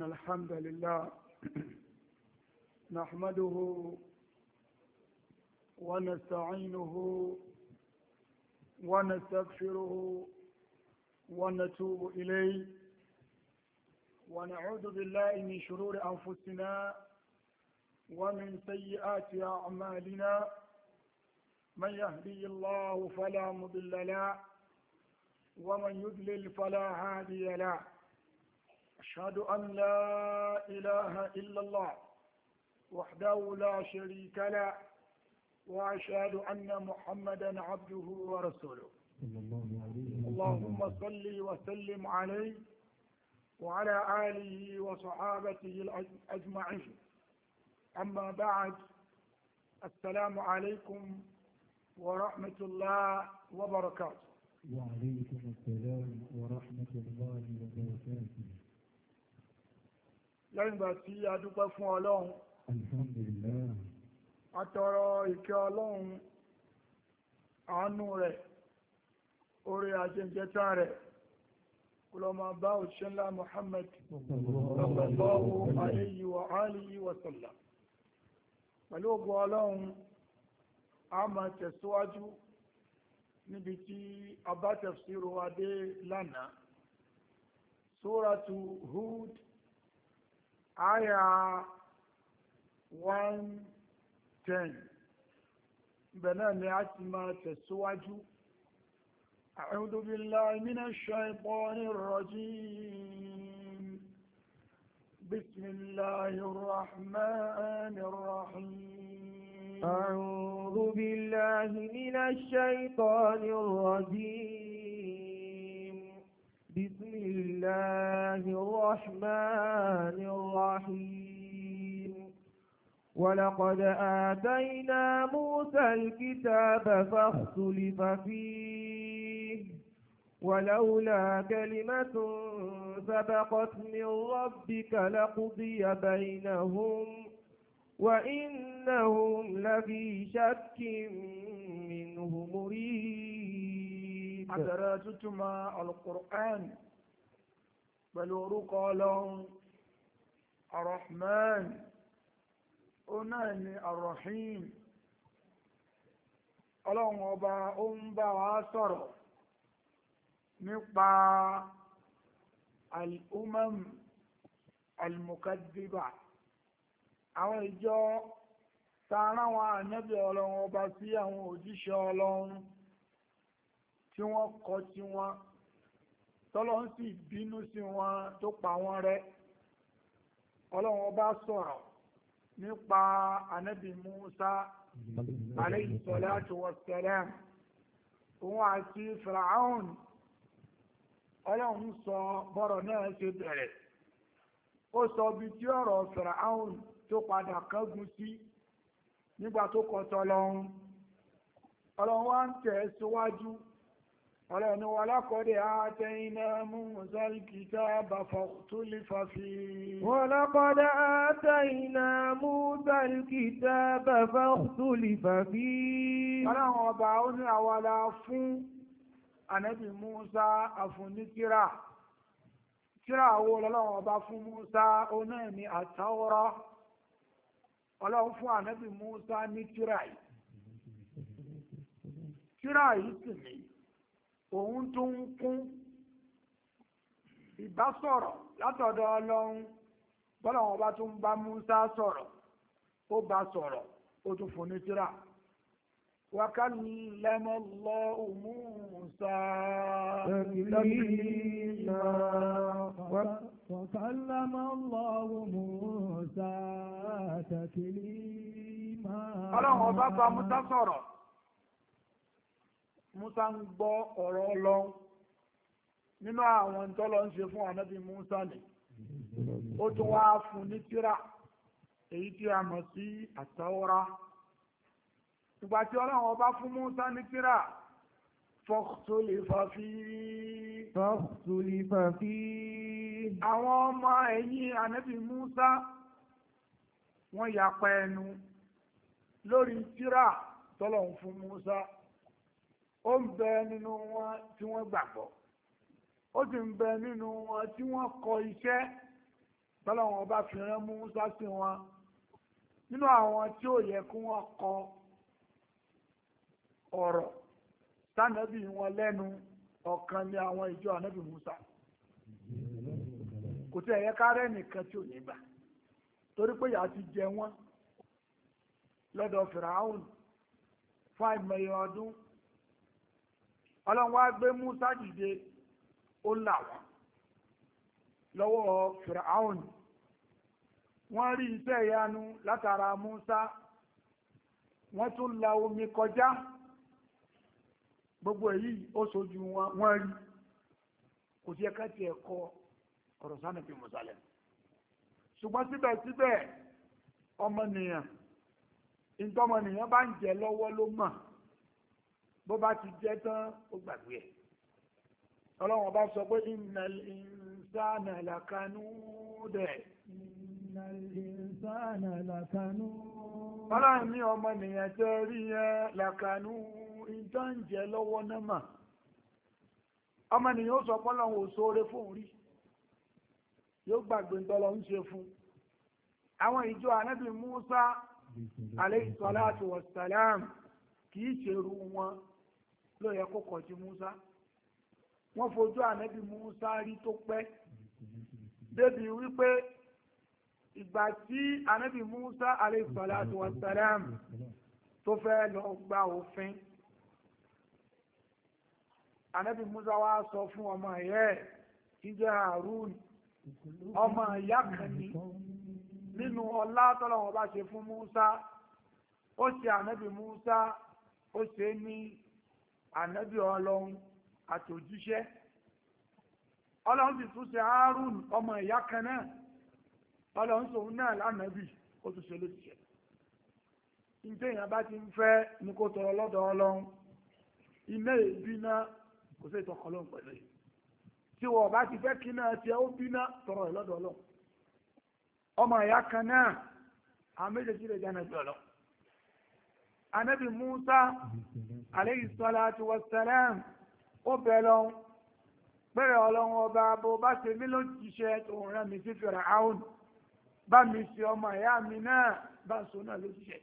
إن الحمد لله نحمده ونستعينه ونستغفره ونتوب إليه ونعوذ بالله من شرور أنفسنا ومن سيئات أعمالنا من يهدي الله فلا مضل له ومن يضلل فلا هادي له أشهد أن لا إله إلا الله وحده لا شريك له وأشهد أن محمدا عبده ورسوله اللهم صل وسلم عليه وعلى آله وصحابته أجمعين أما بعد السلام عليكم ورحمة الله وبركاته وعليكم السلام ورحمة الله وبركاته lẹ́yìn ìgbà tí a dúpẹ́ fún ọlọ́run àtọrọ ìkẹ́ ọlọ́run àánú rẹ̀ orí ajẹ́jẹta rẹ̀ kùlọ́mà bá òṣìṣẹ́ ńlá Muhammad lọ́pẹ̀lọ́wọ́ aléyìí wa alihi wa sallam pẹ̀lú ogun ọlọ́run a máa tẹ̀síwájú níbi tí a bá tafsiru wa lánàá Suratu Hud àyà 110 ibẹ̀ náà ni a ti máa tẹ̀síwájú أعوذ بالله من الشيطان الرجيم بسم الله الرحمن الرحيم أعوذ بالله من الشيطان الرجيم بسم الله الرحمن الرحيم ولقد آتينا موسى الكتاب فاختلف فيه ولولا كلمة سبقت من ربك لقضي بينهم وإنهم لفي شك منه مريد a bẹ̀rẹ̀ tútùmọ̀ alukur'an pẹ̀lú orúkọ ọlọ́run arahman ó náà ni arahim ọlọ́run ọba ó ń bá wa sọ̀rọ̀ nípa al'umam al-mukaddiba àwọn ìjọ tààrà wọn ànábì ọlọ́run ọba sí àwọn òjíṣẹ́ ọlọ́run tí wọ́n kọ tí wọ́n tọ́lọ́ ń sì bínú sí wọn tó pa wọ́n rẹ́ ọlọ́run ọba sọ̀rọ̀ nípa anábì Musa alayhi salatu wassalam òun àti Fir'aun ọlọ́run sọ bọ́rọ̀ náà ṣe bẹ̀rẹ̀ ó sọ bí tí ọ̀rọ̀ Fir'aun tó padà kángun sí nígbà tó kọtọ lọ́run ọlọ́run ń tẹ̀ síwájú ọlọ́ni wà lákọ́dẹ̀ àtẹ́yìnà Musal kitaba fàtúlífà fi wà lákọ́dẹ̀ àtẹ́yìnà Musal kitaba fàtúlífà fi ọlọ́run ọba ó ní àwàlá fún ànábì Musa àfúnníkíra kíra wo lọ́lọ́run ọba fún Musa ó náà àtàwọ́rọ́ ọlọ́run fún ànábì Musa ní kíra yìí òun tó ń kún ìbásọ̀rọ̀ látọ̀dọ̀ ọlọ́run bọ́lá wọn bá tó ń bá Musa sọ̀rọ̀ ó bá sọ̀rọ̀ ó tún fún ní tírà وكلم الله موسى تكليما ọlọ́run ọba Musa sọ̀rọ̀ Musa ń gbọ́ ọ̀rọ̀ Ọlọ́run nínú àwọn tọ́lọ́ ń ṣe fún ànábì Musa ni. ó tún wá fún ní tírà èyí tí a mọ̀ sí àtàwọ́rá ìgbà tí Ọlọ́run ọba fún Musa ní tírà fọ́kùtùlìfà fi fọ́kùtùlìfà fi àwọn ọmọ ẹ̀yìn ànábì Musa wọ́n yapa ẹnu lórí tírà tọ́lọ̀ ń fún Musa ó ń bẹ nínú wọn tí wọ́n gbàgbọ́ ó sì ń bẹ nínú wọn tí wọ́n kọ iṣẹ́ tọ́lọ́wọ́n bá fi rán Mùsá sí wọn nínú àwọn tí ó yẹ kí wọ́n kọ ọ̀rọ̀ sánẹ́bì wọn lẹ́nu ọ̀kan ní àwọn ìjọ ànẹ́bì Mùsá kò tí ẹ̀yẹ kárẹ́ nìkan tí ò ní gbà torí pé yàá ti jẹ wọ́n lọ́dọ̀ Fìràhùn fún àìmọye ọdún ọlọ́run wá gbé Musa dìde ó là wọ́n lọ́wọ́ Fìràáhùn wọ́n rí iṣẹ́ ìyanu látara Musa wọ́n tún la omi kọjá gbogbo èyí ó sojú wọn rí kò sí ẹ̀ka tí ẹ̀kọ́ ọ̀rọ̀ sánà fi mùsàlẹ̀ ṣùgbọ́n síbẹ̀síbẹ̀ ọmọnìyàn ìtọ́mọnìyàn bá ń jẹ lọ́wọ́ ló mọ̀ bó bá ti jẹ́ tán ó gbàgbé ẹ̀ ọlọ́run bá sọ pé innal insana lakanud innal insana lakanud ọlọ́run ní ọmọnìyàn tẹ́ rí yẹn lakanud ìtànjẹ lọ́wọ́ náà mà ọmọnìyàn ó sọ pọ́lọ́run ò sóore fóun rí yóò gbàgbé ńtọ́lọ́ ń ṣe fún àwọn ìjọ anábì Musa alayhi salatu wassalam kìí ṣerú wọn ló yẹ kó kọjú Musa wọ́n fojú ànábì Musa rí tó pẹ́ débi wípé ìgbà tí ànábì Musa alayhi salatu wa salam tó fẹ́ lọ gba òfin ànábì Musa wá sọ fún ọmọ ẹ̀yẹ́ ẹ̀ tí jẹ́ Harun ọmọ ìyá kan ní nínú ọlá tọ́lọ́wọ́n bá ṣe fún Musa ó ṣe ànábì Musa ó ṣe ní ànábì ọlọ́run àti òjíṣẹ́ ọlọ́run sì tún ṣe Harun ọmọ ìyá kan náà ọlọ́run sòun náà lánàbì ó tún ṣe lóṣìṣẹ́ nítorí èèyàn bá ti ń fẹ́ ní kó tọrọ lọ́dọ̀ ọlọ́run iná èébí náà kò sí ìtọ́kọ lóhùn pẹ̀lú yìí tí wọ́n bá ti fẹ́ kí náà tiẹ̀ ó bí náà tọrọ lọ́dọ̀ ọlọ́run ọmọ ìyá kan náà àwọn méjèèjì jẹ́ ànábì ọlọ́run anabi musa alayhi salatu wa salam ó bẹ̀ lọ pẹ̀rẹ̀ ọlọ́run ọba bó bá ṣe mí ló jíṣẹ́ tó ń rán mi sí Fíráúnù bá mi ṣe ọmọ ìyá mi náà bá ń so náà ló jíṣẹ́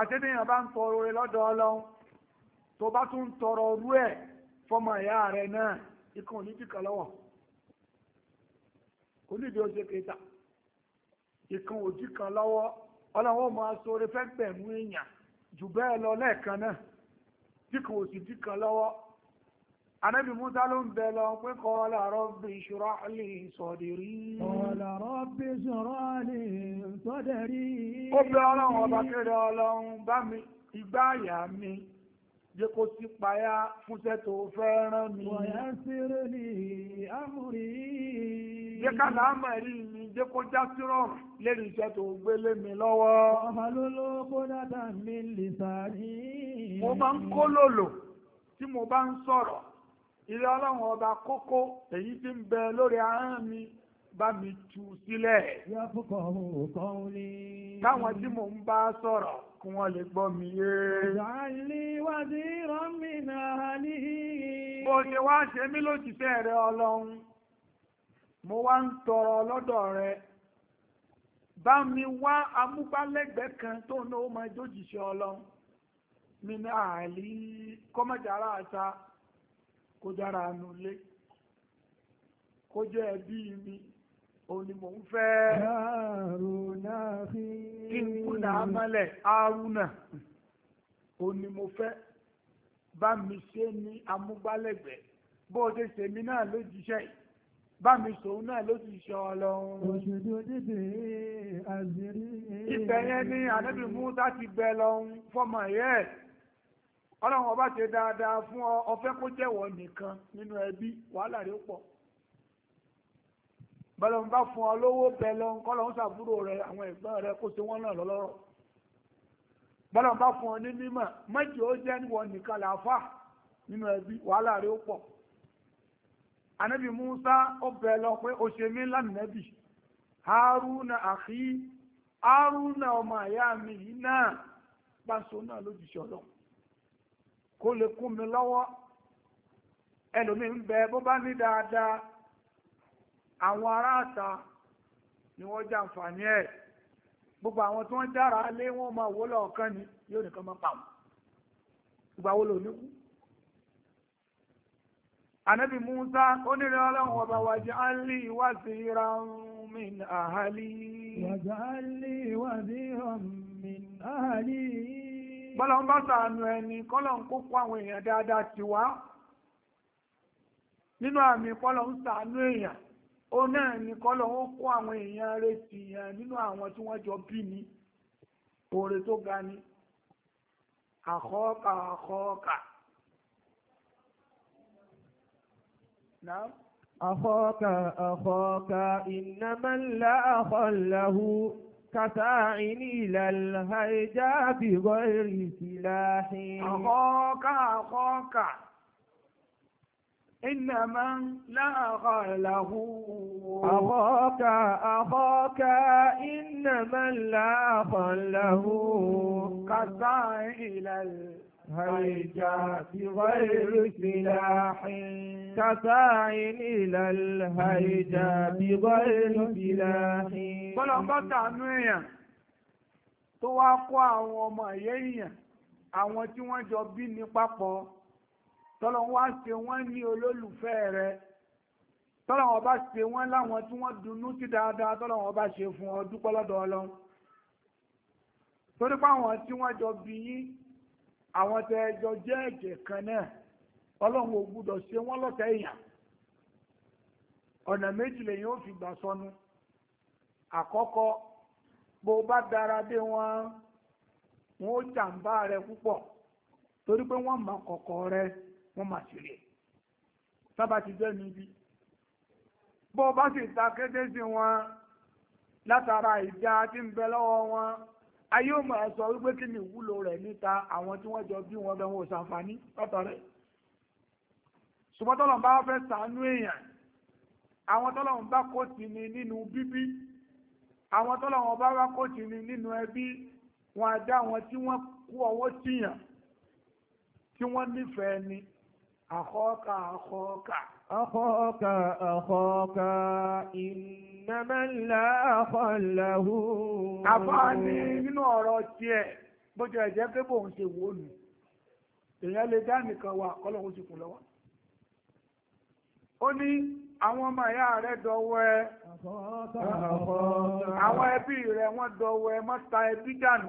àtẹ́bíyàn bá ń tọrọ orí lọ́dọ̀ ọlọ́run tó bá tún tọrọ orú ẹ̀ fọmọ ìyá rẹ̀ náà ikọ̀ onídìkan lọ́wọ́ onídìí ó ṣe kẹta ikọ̀ òdìkan lọ́wọ́ ọlọ́wọ́ máa sóre fẹ́ gbẹ̀mú èèyàn jù bẹ́ẹ̀ lọ lẹ́ẹ̀kan náà tí kò sì tí kan lọ́wọ́ anábì musa ló ń bẹ lọ pé qala rabbi shrah li sadri. qala rabbi shrah li sadri. ó bẹ ọlọ́run ọba kéde ọlọ́run bá mi igbá àyà mi. jẹ́ kó sí payá fúnṣẹ́ tó fẹ́ mi. wọ̀nyá sírò ní àmúrí. jẹ́ ká láàmà rí mi jẹ́ kó já sírò lérí iṣẹ́ tó gbélé mi lọ́wọ́. ọmọ lóló kó mi lè mo máa ń kó lòlò mo bá ń sọ̀rọ̀ ilé ọlọ́run ọba kókó èyí ti ń bẹ lórí ahọ́n mi bá mi tú sílẹ̀. yàtúkọ̀ òkan ni. káwọn tí mò ń bá sọ̀rọ̀ kí wọ́n lè gbọ́ mi yé. ìyáálé wádé rọ́mìnà ní. bó ṣe wá ṣe mí lójijì rẹ ọlọ́run mo wá ń tọrọ lọ́dọ̀ rẹ bá mi wá amúgbálẹ́gbẹ̀ẹ́ kan tó ní ó máa jójìṣẹ́ ọlọ́run mi ní àlè kọ́mọ̀jára àṣà kó dára nulẹ̀ kó jẹ́ ẹbí mi òní mò ń fẹ́. Haruna fi. Kí n kúnlẹ̀ amálẹ̀ Haruna. Òní mo fẹ́. Bá mi ṣe ní amúgbálẹ́gbẹ̀ẹ́. Bó o ṣe ṣèmi náà ló jíṣẹ́ yìí. Bá mi sòun náà ló ti ṣọ ọlọ́run. Òṣèlú òdìdè yẹn ni Ànábì Musa ti bẹ lọ́hún fọmọ ẹ̀yẹ́. Ọlọ́run ọba ṣe dáadáa fún ọ, ọfẹ́ kó jẹ́wọ́ nìkan nínú ẹbí, wàhálà rẹ̀ pọ̀. bẹ́lẹ̀ ń bá fún ọlọ́wọ́ lówó bẹ́lẹ̀ ń ń sàbúrò rẹ àwọn ẹ̀gbọ́n rẹ kó tí wọ́n náà lọ́lọ́rọ̀ bẹ́lẹ̀ bá fún ọ ní mímọ̀ méjì ó jẹ́ níwọ̀n nìkan làáfà nínú ẹbí wàhálà rẹ anabi musa ó pé ó ṣe mí haruna haruna ọmọ àyà mi yìí náà bá so náà lójúṣe ọlọ kó lè kún mi lọ́wọ́ àwọn aráàta ni wọ́n jàǹfààní ẹ̀ gbogbo àwọn tí wọ́n dára lé wọ́n máa wó lọ́ọ̀kan ni yóò nìkan máa pa wọn ìgbà wo lò níkú musa onírẹ̀ ọlọ́run ọba wàjẹ́ alì wazira min ahali wàjẹ́ alì wazira min ahali bọ́lá ń bá sàánú ẹni kọ́lọ̀ ń kókó àwọn èèyàn dáadáa ti wá nínú àmì kọ́lọ̀ ń sàánú èèyàn ó náà ní kọ́lọ̀ ó kó àwọn èèyàn rẹ̀ sí yàn nínú àwọn tí wọ́n jọ bí ni oore tó ga ni àkọ́ọ̀kà àkọ́ọ̀kà náà أخاك أخاك إنما لا أخ له كساعن إلى الهيجاء بغير سلاح أخاك أخاك إن من لاغ له أخاك أخاك إن من لاغ له كسائل الهيجة بغير سلاح كسائل إلى الهيجة بغير سلاح بلغت عنوية tó wá kó àwọn ọmọ ẹ̀yẹ́ èèyàn àwọn tí wọ́n jọ bí ní papọ̀ tọ́lọ wá ṣe wọ́n ní olólùfẹ́ rẹ tọ́lọ wọn bá ṣe wọ́n láwọn tí wọ́n dunú sí dáadáa tọ́lọ wọn bá ṣe fún ọ dúpẹ́ lọ́dọ̀ ọlọ́run torí pé àwọn tí wọ́n jọ bí yín àwọn tẹ ẹjọ jẹ́ ẹ̀jẹ̀ kan náà ọlọ́run ò gbúdọ̀ ṣe wọ́n lọ́tẹ̀ èèyàn ọ̀nà méjì lèyìn ó fi gbà sọnù àkọ́kọ́ bó bá dára dé wọn wọn ó jàǹbá rẹ púpọ̀ torí pé wọ́n mọ kọ̀kọ̀ rẹ wọ́n máa ṣe rẹ̀ sábà ti jẹ́ níbi bọ́ bá sì ta kété sí wọn látara ìjà tí ń bẹ lọ́wọ́ wọn ayé ò máa sọ wípé kí ni ìwúlò rẹ̀ níta àwọn tí wọ́n jọ bí wọn bẹ wọn ò ṣàǹfààní lọ́tọ̀ rẹ̀ ṣùgbọ́n tọ́lọ̀ bá fẹ́ ṣàánú èèyàn àwọn tọ́lọ̀ bá kó sí ni nínú bíbí àwọn tọ́lọ̀ bá wá kó sí ni nínú ẹbí wọn àdá àwọn tí wọ́n kú ọwọ́ síyàn tí wọ́n nífẹ̀ẹ́ ni أخوك أخوك أخوك أخوك إنما لا خله àfààní nínú ọ̀rọ̀ tiẹ̀ bó jẹ́ ẹ̀jẹ̀ pé bóun ṣe wò nù èèyàn lè dá nìkan wà kọ́lọ́hún sì kún lọ́wọ́ ó ní àwọn ọmọ ìyá rẹ̀ dọ̀wọ́ ẹ àwọn ẹbí rẹ̀ wọ́n dọ̀wọ́ ẹ má ta ẹbí dànù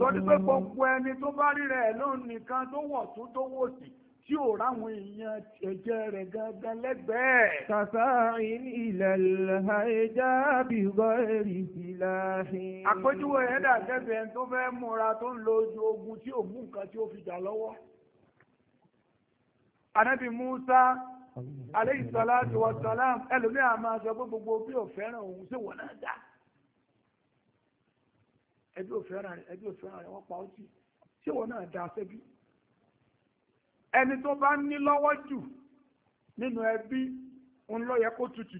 torí pé gbogbo ẹni tó bá rí rẹ̀ lóun nìkan tó wọ̀ tó tó wò sí tí ò ráwọn èèyàn ẹ̀jẹ̀ rẹ̀ gangan lẹ́gbẹ̀ẹ́. kàfà ilẹ̀ ẹja bìbọ̀ èrì ìlàhìn. àpèjúwe ẹ̀dà gẹ́gẹ́ tó fẹ́ múra tó ń lo ojú ogun tí òògùn kan tí ó fi jà lọ́wọ́. anabi musa aleyhi salatu wa salam a sọ pé gbogbo bí o fẹ́ràn òun sí wọn náà dá ẹbí ò fẹ́ràn rẹ ẹbí ò fẹ́ràn rẹ wọ́n pa ọ́ sí sí wọn náà dá sẹ́bí ẹni tó bá ní lọ́wọ́ jù nínú ẹbí ń lọ yẹ kó tutù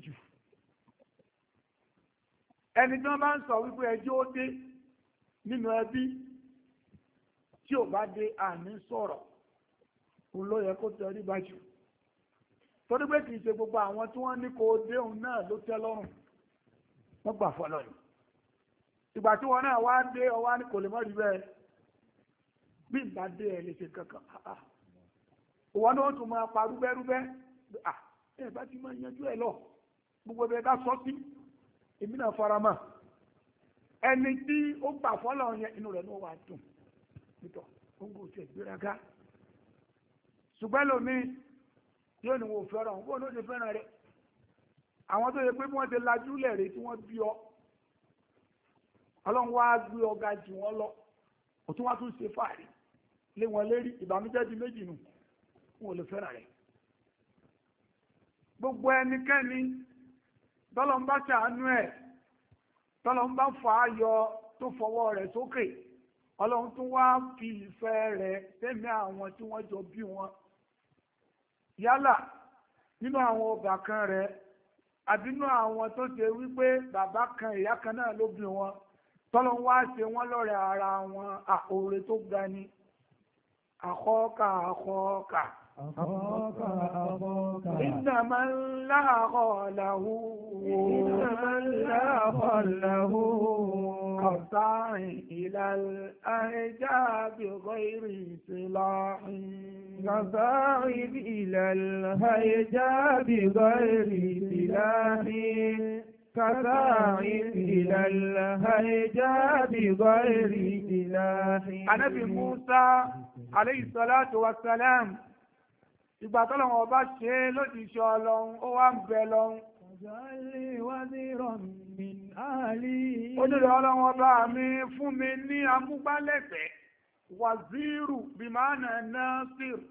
òun ló yẹ kó tẹrí bá jù torí pé kìí ṣe gbogbo àwọn tí wọ́n ní kó déhùn náà ló tẹ́ lọ́rùn wọ́n gbà fọlọ́ ni ìgbà tí wọn náà wá dé ọwá ní kò lè mọ́ rí bẹ́ẹ̀ bí n bá dé ẹ lè ṣe kankan ah, ah. ìwọ náà tún máa pa rúbẹ́rúbẹ́ ah, ẹ bá ti máa yanjú ẹ lọ gbogbo ẹ bá sọ sí èmi náà fara mọ́ ẹni tí ó gbà fọlọ́ yẹn inú rẹ̀ ló wà dùn nítọ́ ó ń gbòòsì ẹ̀gbéraga ṣùgbọ́n lómi yóò ní wo fẹ́ràn òun bóun ló ṣe fẹ́ràn rẹ̀ àwọn tó yẹ pé wọ́n ti lajú lẹ̀rẹ̀ tí wọ́n bí ọ ọlọ́run wá gbé ọ̀gá jù wọ́n lọ òtún wá tún ṣe fàárì lé wọn lérí ìbàmújẹ́ di méjì nù wọn ò lè fẹ́ràn rẹ̀ gbogbo ẹnikẹ́ni tọ́lọ́n bá ṣàánú ẹ̀ tọ́lọ́n bá fà á yọ tó fọwọ́ rẹ̀ sókè ọlọ́run tún wá fi ìfẹ́ rẹ̀ tẹ́mi àwọn tí wọ́n jọ bí wọn yálà nínú àwọn ọbàkan rẹ̀ àbínú àwọn tó ṣe wípé bàbá kan ìyá kan náà ló bí wọn tọ́lọ́ wá ṣe wọ́n lọ́rẹ̀ ara wọn àkóore tó ga ni àkọ́ọ̀kà àkọ́ọ̀kà. àkọ́ọ̀kà àkọ́ọ̀kà. iná máa ń láàkọ̀ làwọ̀. iná máa ń أوطار إلى الأعجاب غير سلاح كصاحب إلى الهيجاب غير سلاح كصاحب إلى الهيجاب غير سلاح النبي موسى عليه الصلاة والسلام ìgbà tọ́lọ́wọ́n ọba ṣe lójijì ọlọ́run ó wá ń bẹ lọ́run Onílẹ̀ ọlọ́wọ́ bá mi fún mi ní amúgbálẹ́gbẹ̀ẹ́, wàzírù bí máa nà náà sírù,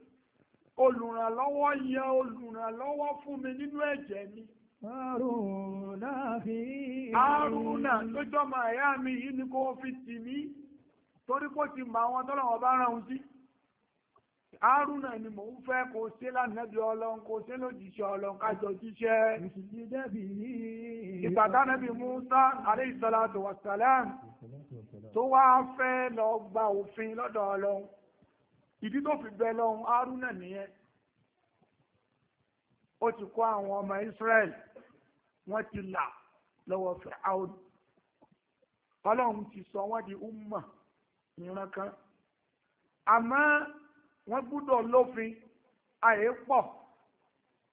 olùrànlọ́wọ́ yẹ olùrànlọ́wọ́ fún mi nínú ẹ̀jẹ̀ mi. Àrùnà fi Àrùnà tó jọmọ̀ ẹ̀yà mi yìí ni kò fi tì mí, torí kò ti mọ àwọn tọ́lọ̀wọ́ bá rán un sí. Haruna ni mò ń fẹ́ kó ṣe lánàbí ọlọ́run kó ṣe lójíṣẹ́ ọlọ́run kájọ jíṣẹ́. Ìgbà tánàbí Musa alayhi salatu wassalam tó wá fẹ́ lọ gba òfin lọ́dọ̀ ọlọ́run. Ìdí tó fi bẹ lọ́run Haruna nìyẹn. Ó ti kó àwọn ọmọ Israẹ̀l wọ́n ti là lọ́wọ́ Fir'aun. Ọlọ́run ti sọ wọ́n di umma ìran kan. Àmọ́ wọ́n gbúdọ̀ lófin àyè pọ̀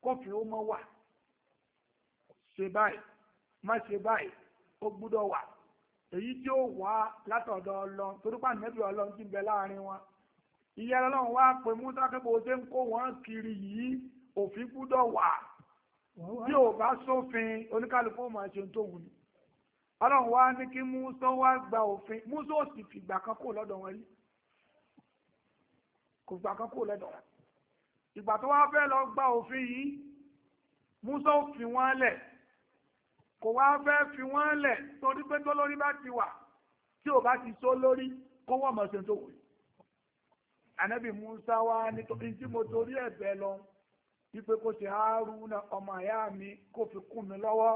kófin ó mọ́ wà ṣe báyìí má ṣe báyìí ó gbúdọ̀ wà èyí tí ó wà látọ̀dọ̀ ọlọ́run torí pàǹdé mẹ́bí ọlọ́run ti ń bẹ láàrin wọn ìyẹn ọlọ́run wá pé musa kébò ṣe ń kó wọn kiri yìí òfin gbúdọ̀ wà bí ò bá sófin oníkálukú ó máa ṣe tó wù ní ọlọ́run wá ní kí musa wá gba òfin musa ò sì fìgbà kan kó lọ́dọ̀ wọn yìí kò gbà kan kúrò lẹ́dọ̀ ìgbà tó wá fẹ́ lọ gba òfin yìí Musa ò fi wọ́n lẹ̀ kò wá fẹ́ fi wọ́n lẹ̀ torí pé tó lórí bá ti wà tí ò bá ti só lórí kó wọ́n mọ̀ ṣe tó wòye ànábì Musa wá nítorí tí mo torí ẹ̀bẹ̀ lọ wípé kó ṣe Haruna ọmọ ìyá mi kó fi kún mi lọ́wọ́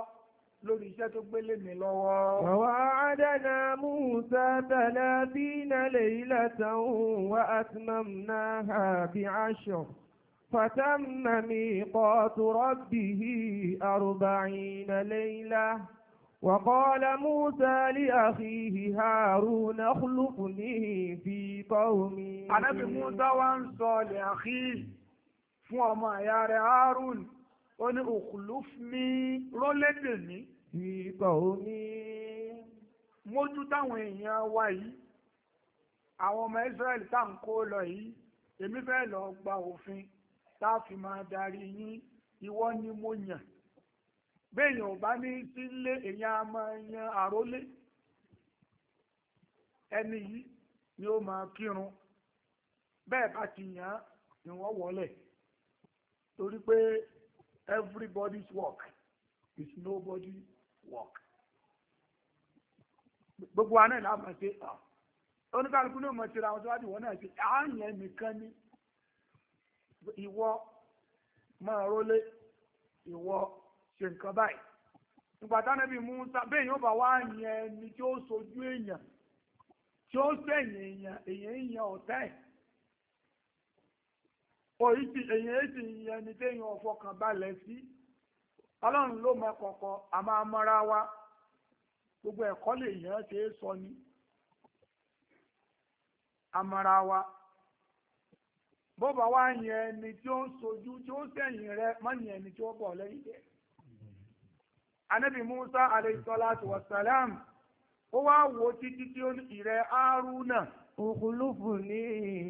lórí iṣẹ́ tó gbélé mi lọ́wọ́. Wàwá àdánà Mùsà tàlá bí nálẹ̀ ilẹ̀ tàun wá àtìmọ̀m náà hà bí aṣọ. فتم ميقات ربه أربعين ليلة وقال موسى لأخيه هارون اخلفني في قومي. Ànábì Mùsá wá ń sọ lè àkíyì fún ọmọ ìyá rẹ̀ Hárún ó ní òkùlùfmi rọ́lẹ́dẹ̀ mi. ikọ̀ omi. mójú táwọn èèyàn wa yìí àwọn ọmọ Israẹli tá à ń kó lọ yìí èmi fẹ́ lọ gba òfin tá a fi máa darí yín ìwọ ni mo yàn béèyàn bá ní sílé èèyàn a máa yan àrólé ẹni yìí ni ó máa kírun bẹ́ẹ̀ bá ti yàn án ni wọ́n wọlé torí pé everybody's work is nobody' work gbogbo wa náà láàmà ṣe à ah, oníkàlùkù náà mọ̀ ṣe ra àwọn tó wájú wọn náà ṣe àáyàn ah, nìkan ní ìwọ máa rólé ìwọ ṣe nǹkan báyìí nígbà táwọn ẹbí Musa bẹ́ẹ̀ yóò bá wá yẹn ni tí ó sojú èèyàn tí ó sẹ̀yìn èèyàn èèyàn èèyàn ọ̀tá ẹ̀ èyàn èsì yẹn ni téèyàn ọ̀fọkàn balẹ̀ sí ọlọ́run ló mọ kọ̀kọ̀ a máa mọ́ra wa gbogbo ẹ̀kọ́ lè yàn ṣe é sọ ni amọ́ra wa bó bá yẹn ẹni tí ó ń sojú tí ó sẹ́yìn rẹ mọ́ yẹn ẹni tí ó bọ̀ lẹ́yìn rẹ. Ànábì Musa alayhi salatu wa salam ó wá wo títí tí ó ní ìrẹ́ Haruna. òkúlùfù ní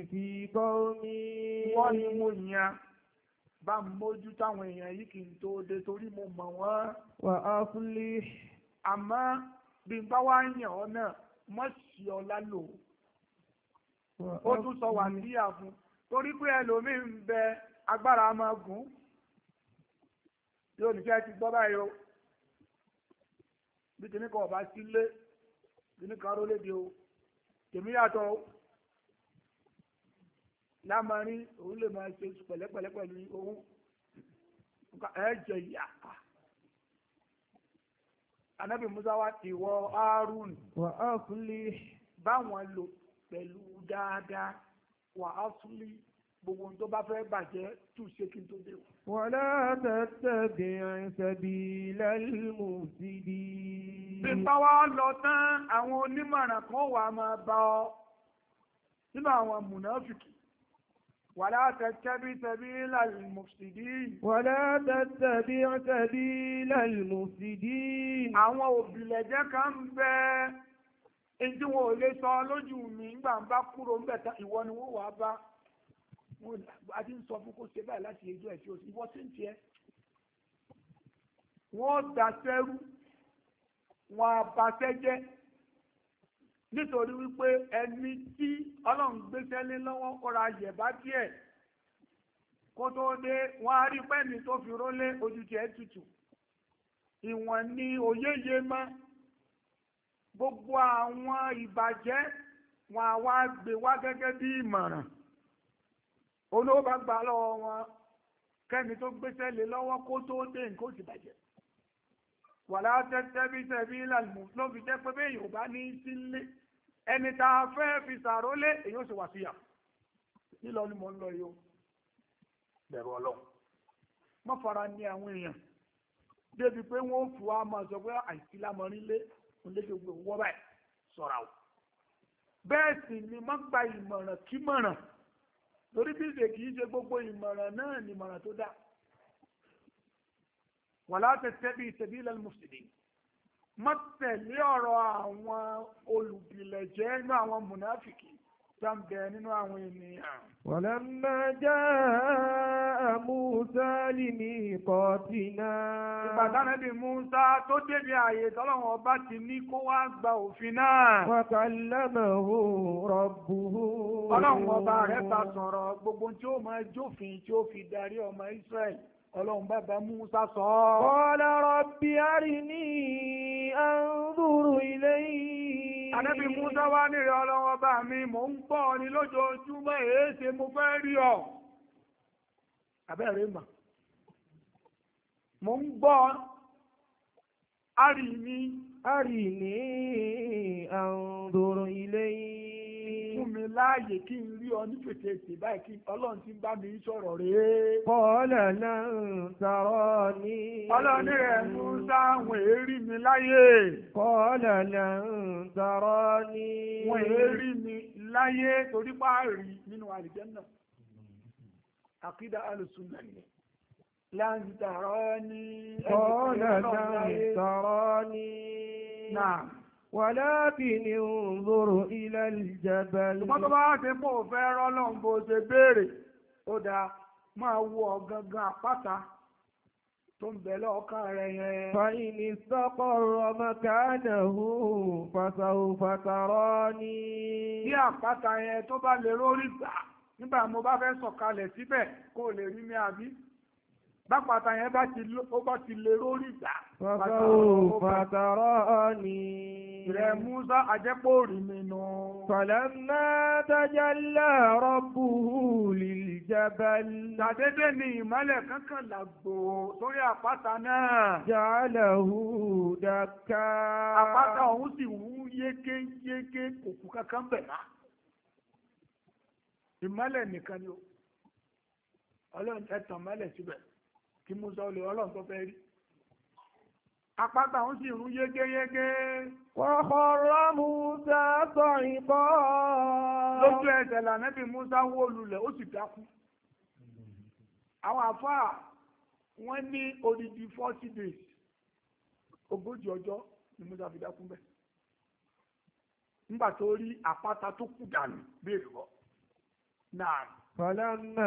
ìfi gọ́ọ̀mí. wọ́n ní mo yàn bá ń mójú táwọn èèyàn yìí kì í tó dé torí mo mọ̀ wọ́n. wà á fúnlé. àmọ́ bí n bá wá yàn ọ́ náà mọ̀ sí ọ lálò. ó tún sọ wà níyà fún torí pé ẹlòmíín ń bẹ agbára máa gùn. yóò nífẹ̀ẹ́ ti gbọ́ báyìí o bí kìnnìkan ọba sílé kìnnìkan rólé di o tèmi yàtọ̀ lámarin òun lè máa ṣe pẹ̀lẹ́pẹ̀lẹ́ pẹ̀lú owó ẹ̀jẹ̀ yà á. Anábì Musa wá ti wọ Árùn. Wà á kúlé. Báwọn lò pẹ̀lú dáadáa, wà á súlé gbogbo ohun tó bá fẹ́ bàjẹ́ tù ṣe kí n tó dé o. wàlá tẹ̀tẹ̀dẹ̀ àìsàbí lẹ́lùmù sí bí. bí báwa lọ tán àwọn onímọ̀ràn kan wà máa bá ọ nínú àwọn mùnàfìkì. ولا تتبع سبيل المفسدين ولا تتبع سبيل المفسدين àwọn òbílẹ̀jẹ́ kan ń bẹ ẹjú wọn ò lè sọ lójú mi nígbà kúrò ń bẹ̀ ìwọ ni wọ́n wàá bá a ti ń sọ fún kó ṣe báyìí láti ẹjọ́ ẹ̀ tí ó sì wọ́n sí ń tiẹ́ wọ́n da sẹ́rú wọn àbàṣẹ́ jẹ́ nítorí wípé ẹni tí ọlọ́run gbéṣẹ́ lé lọ́wọ́ kọ́ra yẹ̀bá díẹ̀ kó tó dé wọ́n á rí pẹ́ẹ́nì tó fi rólé ojú tiẹ̀ tutù ìwọ̀n ni òyéye mọ́ gbogbo àwọn ìbàjẹ́ wọn àwa gbé wá gẹ́gẹ́ bí ìmọ̀ràn olówó bá gba lọ́wọ́ wọn kẹ́ni tó gbéṣẹ́ lé lọ́wọ́ kó tó dé nǹkan ó ti bàjẹ́ wà látẹ́tẹ́ bí tẹ̀bí lálùmù ló fi jẹ́ pé bẹ́ẹ̀ yóò bá ní sílé ẹni tá a fẹ́ fi sàrólé èyí ó sì wà síyà nílọ ni mo ń lọ yóò bẹ̀rù ọlọ́run mọ́ fara ní àwọn èèyàn débi pé wọ́n fò á máa sọ pé àìsí lámọ̀rílé onílé gbogbo wọ́ báyìí sọ̀rọ̀ bẹ́ẹ̀ sì ni má gba ìmọ̀ràn kí mọ̀ràn torí bí ṣe kìí ṣe gbogbo ìmọ̀ràn náà ni ìmọ̀ràn tó dá wàlá tẹ̀tẹ̀bí ìtẹ̀bílẹ̀ mùsùlùmí má tẹ̀lé ọ̀rọ̀ àwọn olùbìlẹ̀jẹ́ inú àwọn mùnáfìkì sáǹbẹ̀ nínú àwọn ènìyàn. Walamma jaa Musa li miqatina. Ìpàdánù bí Musa tó débi ààyè tọ́lọ́wọ́n ọba ti ní kó wá gba òfin náà. Wa kallamahu rabbuhu. Ọlọ́run ọba rẹ̀ bá sọ̀rọ̀ gbogbo tí ó máa jófin tí ó fi darí ọmọ Ísírẹ́lì ọlọ́run bàbá Musa sọ. Qala rabbi arini anzuru ilayhi. Ànábì Musa wá nírẹ̀ ọlọ́run ọba mi, ń bọ̀ ni lójoojúmọ́ èéṣe mo fẹ́ rí ọ. Àbẹ́rẹ́ mà. Mò ń gbọ́ arini. Arini anzuru láàyè kí n rí ọ nífẹ̀ẹ́ ṣe báyìí kí ọlọ́run ti bá mi sọ̀rọ̀ rèé kọ́lẹ̀ náà sọ̀rọ̀ rẹ̀ mú sáwọn èérí mi láyé kọ́lẹ̀ náà sọ̀rọ̀ wọ́n mi láyé. torí páàrí nínú àlìjẹ́nà. àkídà alùsùnà ni. lan tarani. kọ́lẹ̀ náà sọ̀rọ̀ náà. wàláàkìní òǹzòrò ilẹ̀ ìjẹ̀bẹ̀lì. ṣùgbọ́n tó bá ti mú òfẹ́ rọ́lọ́n bó ṣe béèrè ó dáa máa wo ọ̀gangan àpáta tó ń bẹ̀ lọ́ọ̀kan rẹ̀ yẹn. fàyínì sọ́kọ̀rọ̀ mọ́kànà hù fàṣàwò fàṣàrọ́ ni. bí àpáta yẹn tó bá lè rórí gbà nígbà mo bá fẹ́ sọ̀kalẹ̀ síbẹ̀ kó lè rí mi àbí bápàtà yẹn bá ti ó bá ti lè rórí ìjà. fọ́fọ́ fàtàrọ́ ni. rẹ̀ Musa àjẹpọ̀ rí mi nù. falamma tajalla rabbuhu lil jabal. tàdédé ni ìmọ̀lẹ̀ kankan làgbò sórí àpáta náà. ja'alahu dakka. àpáta ọ̀hún sì wú yékéyéké kòkú kankan bẹ̀ náà. ìmọ̀lẹ̀ nìkan ni o ọlọ́run ẹ̀ tàn mọ́lẹ̀ síbẹ̀ kí Musa olè ọlọ́run tó fẹ́ rí apáta ń sì rún yégéyégé wọ́kọ̀ọ́rọ́ Musa sọ ìbọ́ lójú ẹsẹ̀ lànẹ́bí Musa wó lulẹ̀ ó sì dákú àwọn àfáà wọ́n ní odidi forty days ogójì ọjọ́ ni Musa fi dákú bẹ́ẹ̀ nígbà tó rí àpáta tó kù dànù bí èrò náà Fọlọ́mà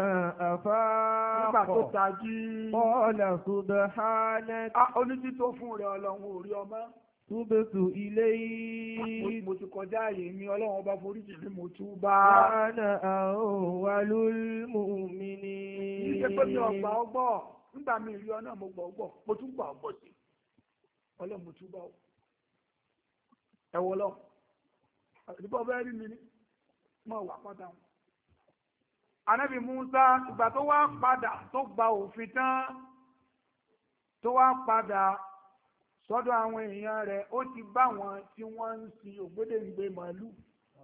àfáàkọ̀. Nígbà tó tají. Bọ́ọ̀lá Subhánẹ́. A oníjì tó fún rẹ̀ ọlọ́run orí ọmọ. Túbẹ̀tù ilé yìí. Mo ti kọjá àyè mi, ọlọ́run ọba foríjì ni mo tún bá. Wàhánà àwọn wà lólùmù mi ni. Kì í ṣe pé mi ọ̀gbà ọgbọ́. Nígbà mi ìrí ọ mo gbọ̀ ọgbọ̀. Mo tún gbọ̀ mo tún bá ọ. Ẹ wọ lọ. Àdìbọ̀ bẹ́ẹ̀ rí anábì Musa ìgbà tó wá padà tó gba òfin tán tó wá padà sọ́dọ̀ àwọn èèyàn rẹ̀ ó ti bá wọn tí wọ́n ń sin ògbódèǹgbè màálù.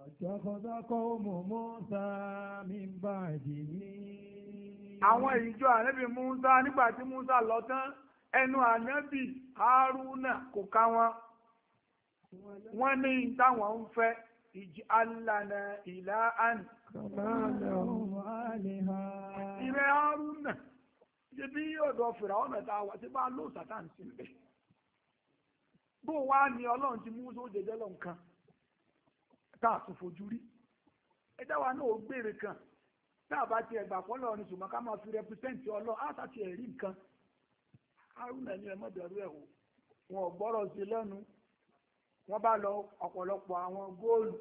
ọ̀jọ̀kọ̀dá kọ́ ọmọ Musa mi bá dì ní. àwọn ìjọ ànábì Musa nígbà tí Musa lọ tán ẹnu ànábì Haruna kò ká wọn wọ́n ní táwọn ń fẹ́ ìjì alànà ìlà àná Ìrẹ́ Haruna, ṣe bí ọ̀dọ̀ fìrà ọ̀nà ta wà tí bá ló a wa náà ó gbére kan tá a bá ti ẹgbà pọ́ lọ́rin ṣùgbọ́n ká máa fi rẹpísẹ́ǹtì Ọlọ́run á sàti ẹ̀rí nǹkan. Haruna ni ẹ má bẹ̀rù ẹ̀ o, wọn ò gbọ́rọ̀ sí lẹ́nu, wọ́n bá lọ ọ̀pọ̀lọpọ̀ àwọn góòlù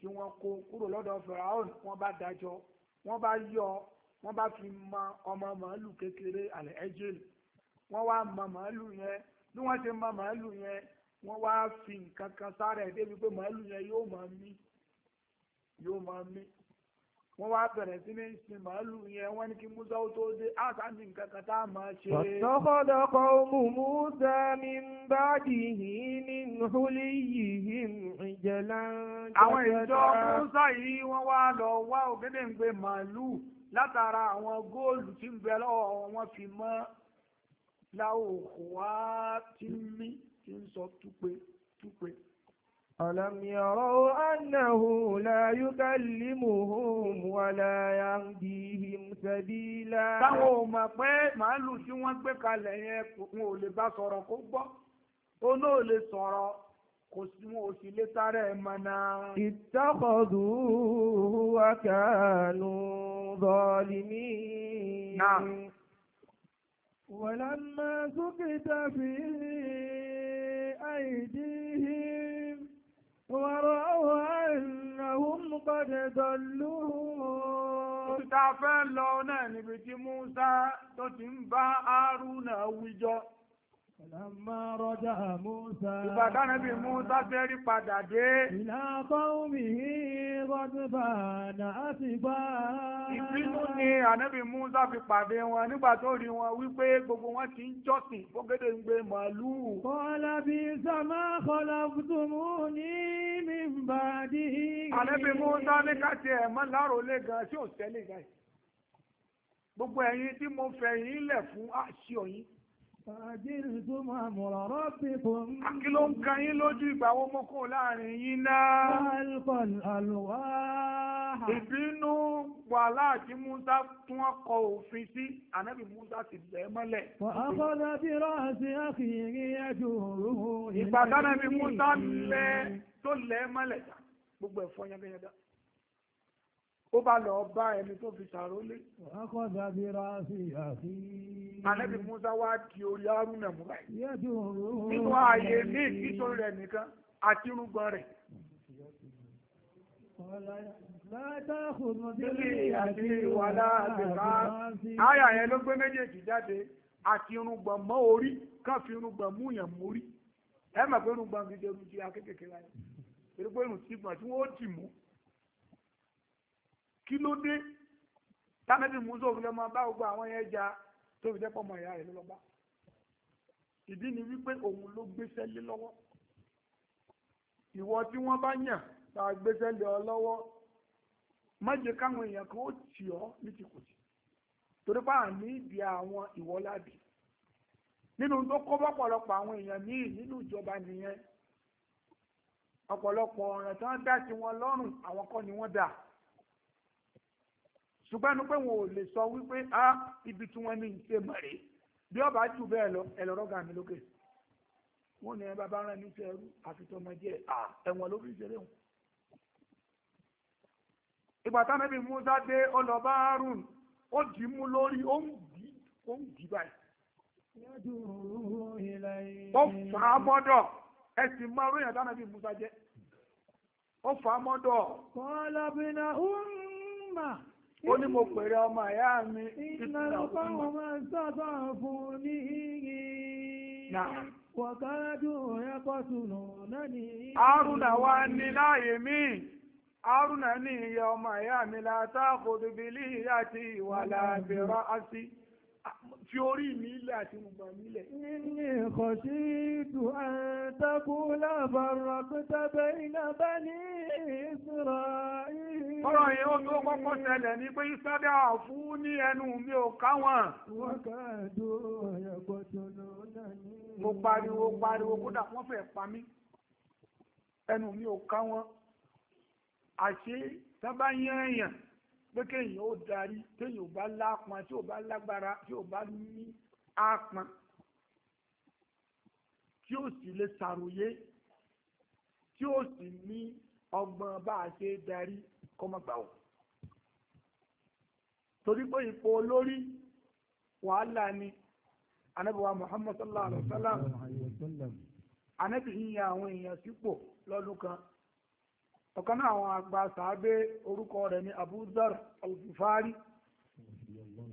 tí wọ́n kó kúrò lọ́dọ̀ firaun wọ́n bá dájọ́ wọ́n bá yọ wọ́n bá fi mọ ọmọ màálù kékeré àlẹ́ ẹ́jẹ̀lì wọ́n wá mọ màálù yẹn bí wọ́n ti mọ màálù yẹn wọ́n wá fi nǹkan kan sára ẹ̀ débi pé màálù yẹn yóò máa mí yóò máa mí wọ́n wá bẹ̀rẹ̀ sí ní sin màálù yẹn wọ́n ní kí musa ó tó dé àtàndì nǹkan kan tá a máa ṣe. ọ̀tọ́kọ́dọ̀ kan musa mi ń bá dìhì ní nùhúlì yìí ìjẹ̀lá. àwọn ìjọ musa yìí wọ́n wá lọ wá ògèdèǹgbè màálù látara àwọn góòlù tí ń bẹ lọ́wọ́ wọn fi mọ́ láwòkúwá tí ń mí tí ń sọ túpe túpe. ألم يروا أنه لا يكلمهم ولا يهديهم سبيلا táwọn ò pé màálù tí wọ́n gbé kalẹ̀ yẹn wọn ò lè bá sọ̀rọ̀ kó gbọ́ òun náà ò lè sọ̀rọ̀ kò sí wọn ò sì lè sáré ẹ̀ mọ̀nà. اتخذوه وكانوا ظالمين. نعم. ولما سكت في أيديهم ورأوا أنهم قد ضلوا ta fẹ́ lọ náà níbi tí Musa tó ti ń bá Haruna wíjọ́ Ìlàmà rọjà Mùsà. Ìbàdàn níbi Mùsà fẹ́rí padà dé. Ìlàbá omi rọ́dúbà náà ti gbá. Ìbínú ni ànábì Mùsà fi pàdé wọn nígbà tó rí wọn wípé gbogbo wọn ti ń jọ́sìn fógédé ń gbé màálùú. Kọ́lá bí Sàmá kọ́lá Bùtùmù ní Mímbàdí. Ànábì Mùsà ní káṣí ẹ̀ mọ́ láàrò lé gan sí òṣèlè gan. Gbogbo ẹ̀yin tí mo fẹ̀yìn lẹ̀ fún àṣìọ̀yìn. Fàájìrìtúmọ̀ àmọ̀rọ̀ rọ́bì fún. Kí ló ń ka yín lójú ìgbà wo mo kò láàrin yín náà? Alkọ̀l àlùwá. Ìbínú wà láti Musa tún ọkọ̀ òfin sí Ànábì Musa ti bẹ̀ mọ́lẹ̀. Fọ́kọ́dá bí rọ́ọ̀sì àfihàn ẹjọ́ òru. Ìgbà tánàbí Musa lẹ tó lẹ mọ́lẹ̀ gbogbo ẹ̀fọ́ yangayanga ó bá lọ bá ẹni tó fi ṣàrólé. ọkọ dàbí ra sí àfi. ànẹ́bí musa wá di orí arúnà mú báyìí. yẹ́tù òru. nínú ààyè ní ìtìtò rẹ̀ nìkan àti irúgbọ́n rẹ̀. Bílí àti wàlá àbẹ̀ká. Àyà yẹn ló gbé méjèèjì jáde àti irúgbọ̀n mọ́ orí kan fi irúgbọ̀n mú yàn mórí. Ẹ mọ̀ pé irúgbọ̀n fi dẹrù di akékèké láyé. Èrúgbọ̀n irun ti gbọ̀n tí wọ́n ó dì mú kí ló dé tánàbí musa òfin lọ́mọ bá gbogbo àwọn yẹn jà tó fi dẹ́pọ̀ mọ̀ ìyá rẹ̀ lọ́ba ìdí ni wípé òun ló gbéṣẹ́ lé lọ́wọ́ ìwọ tí wọ́n bá yàn tá a gbéṣẹ́ lé ọ lọ́wọ́ má jẹ́ káwọn èèyàn kan ó tì ọ́ ní ti kùtì torí pé àní ìdí àwọn ìwọ́ládì nínú tó kọ́ bọ́pọ̀lọpọ̀ àwọn èèyàn míì nínú ìjọba nìyẹn ọ̀pọ̀lọpọ̀ ọ̀ràn tí wọ́n dá sí wọn lọ́rùn àwọn kọ́ ni wọ́n dà ṣùgbọ́n ẹnu pé wọn ò lè sọ wípé á ibi tí wọ́n ní ìṣe mọ̀rẹ́ bí ọba jù bẹ́ẹ̀ lọ ẹ lọ́rọ́ gà mí lókè wọn ní bàbá rán ní sẹ́rú àfitọ́mọdé à ẹ̀wọ̀n ló fi ṣeré wọn. ìgbà táwọn ẹbí Musa dé ọlọ́ba Harun ó dì í mú lórí ó ń dì ó ń dì báyìí. ó fà á mọ́dọ̀ ẹ sì máa ròyìn táwọn ẹbí Musa jẹ́ ó fà á mọ́dọ̀. kọ́lá bínú ọ̀hún mà ó ní mo pèrè ọmọ ìyá mi iná ló bá wọn máa sábà fún ní iyì wọ̀kádù ẹ̀kọ́ sùnù náà ní iyì. aruna wa ní láàyè mi aruna ní iye ọmọ ìyá mi látàkùn bíbélì àti ìwà làbẹ̀rọ̀ àti fi orí mi ilẹ̀ àti gbogbo mi ilẹ̀. Nínú ìkọ̀sí ìdù àtàkù lábàrà pẹ́tàbẹ́ iná bá ní Ísírẹ́lì. Ọ̀rọ̀ yẹn ó tó kọ́kọ́ ṣẹlẹ̀ ní pé Ìsádà fún ní ẹnu mi ò káwọn. Wọ́n ká àdó ọ̀yàgbọ́ tó lọ náà ní. Mo pariwo pariwo kódà wọ́n fẹ́ pa mí. Ẹnu mi ò káwọn. Àṣé tábá yẹn pé kéèyàn ó darí kéèyàn ò bá lápọn tí ò bá lágbára tí ò bá ní ápọn tí ó sì lè ṣàròyé tí ó sì ní ọgbọ́n bá a ṣe darí kọ́mọgbàwọ̀ torí pé ipò olórí wàhálà ni anábìwá muhammadu sallallahu alaihi wa sallam anábìyìn àwọn èèyàn sípò lọ́dún kan ọ̀kan náà àwọn àgbà sàábé orúkọ rẹ̀ ní abuzar alfifari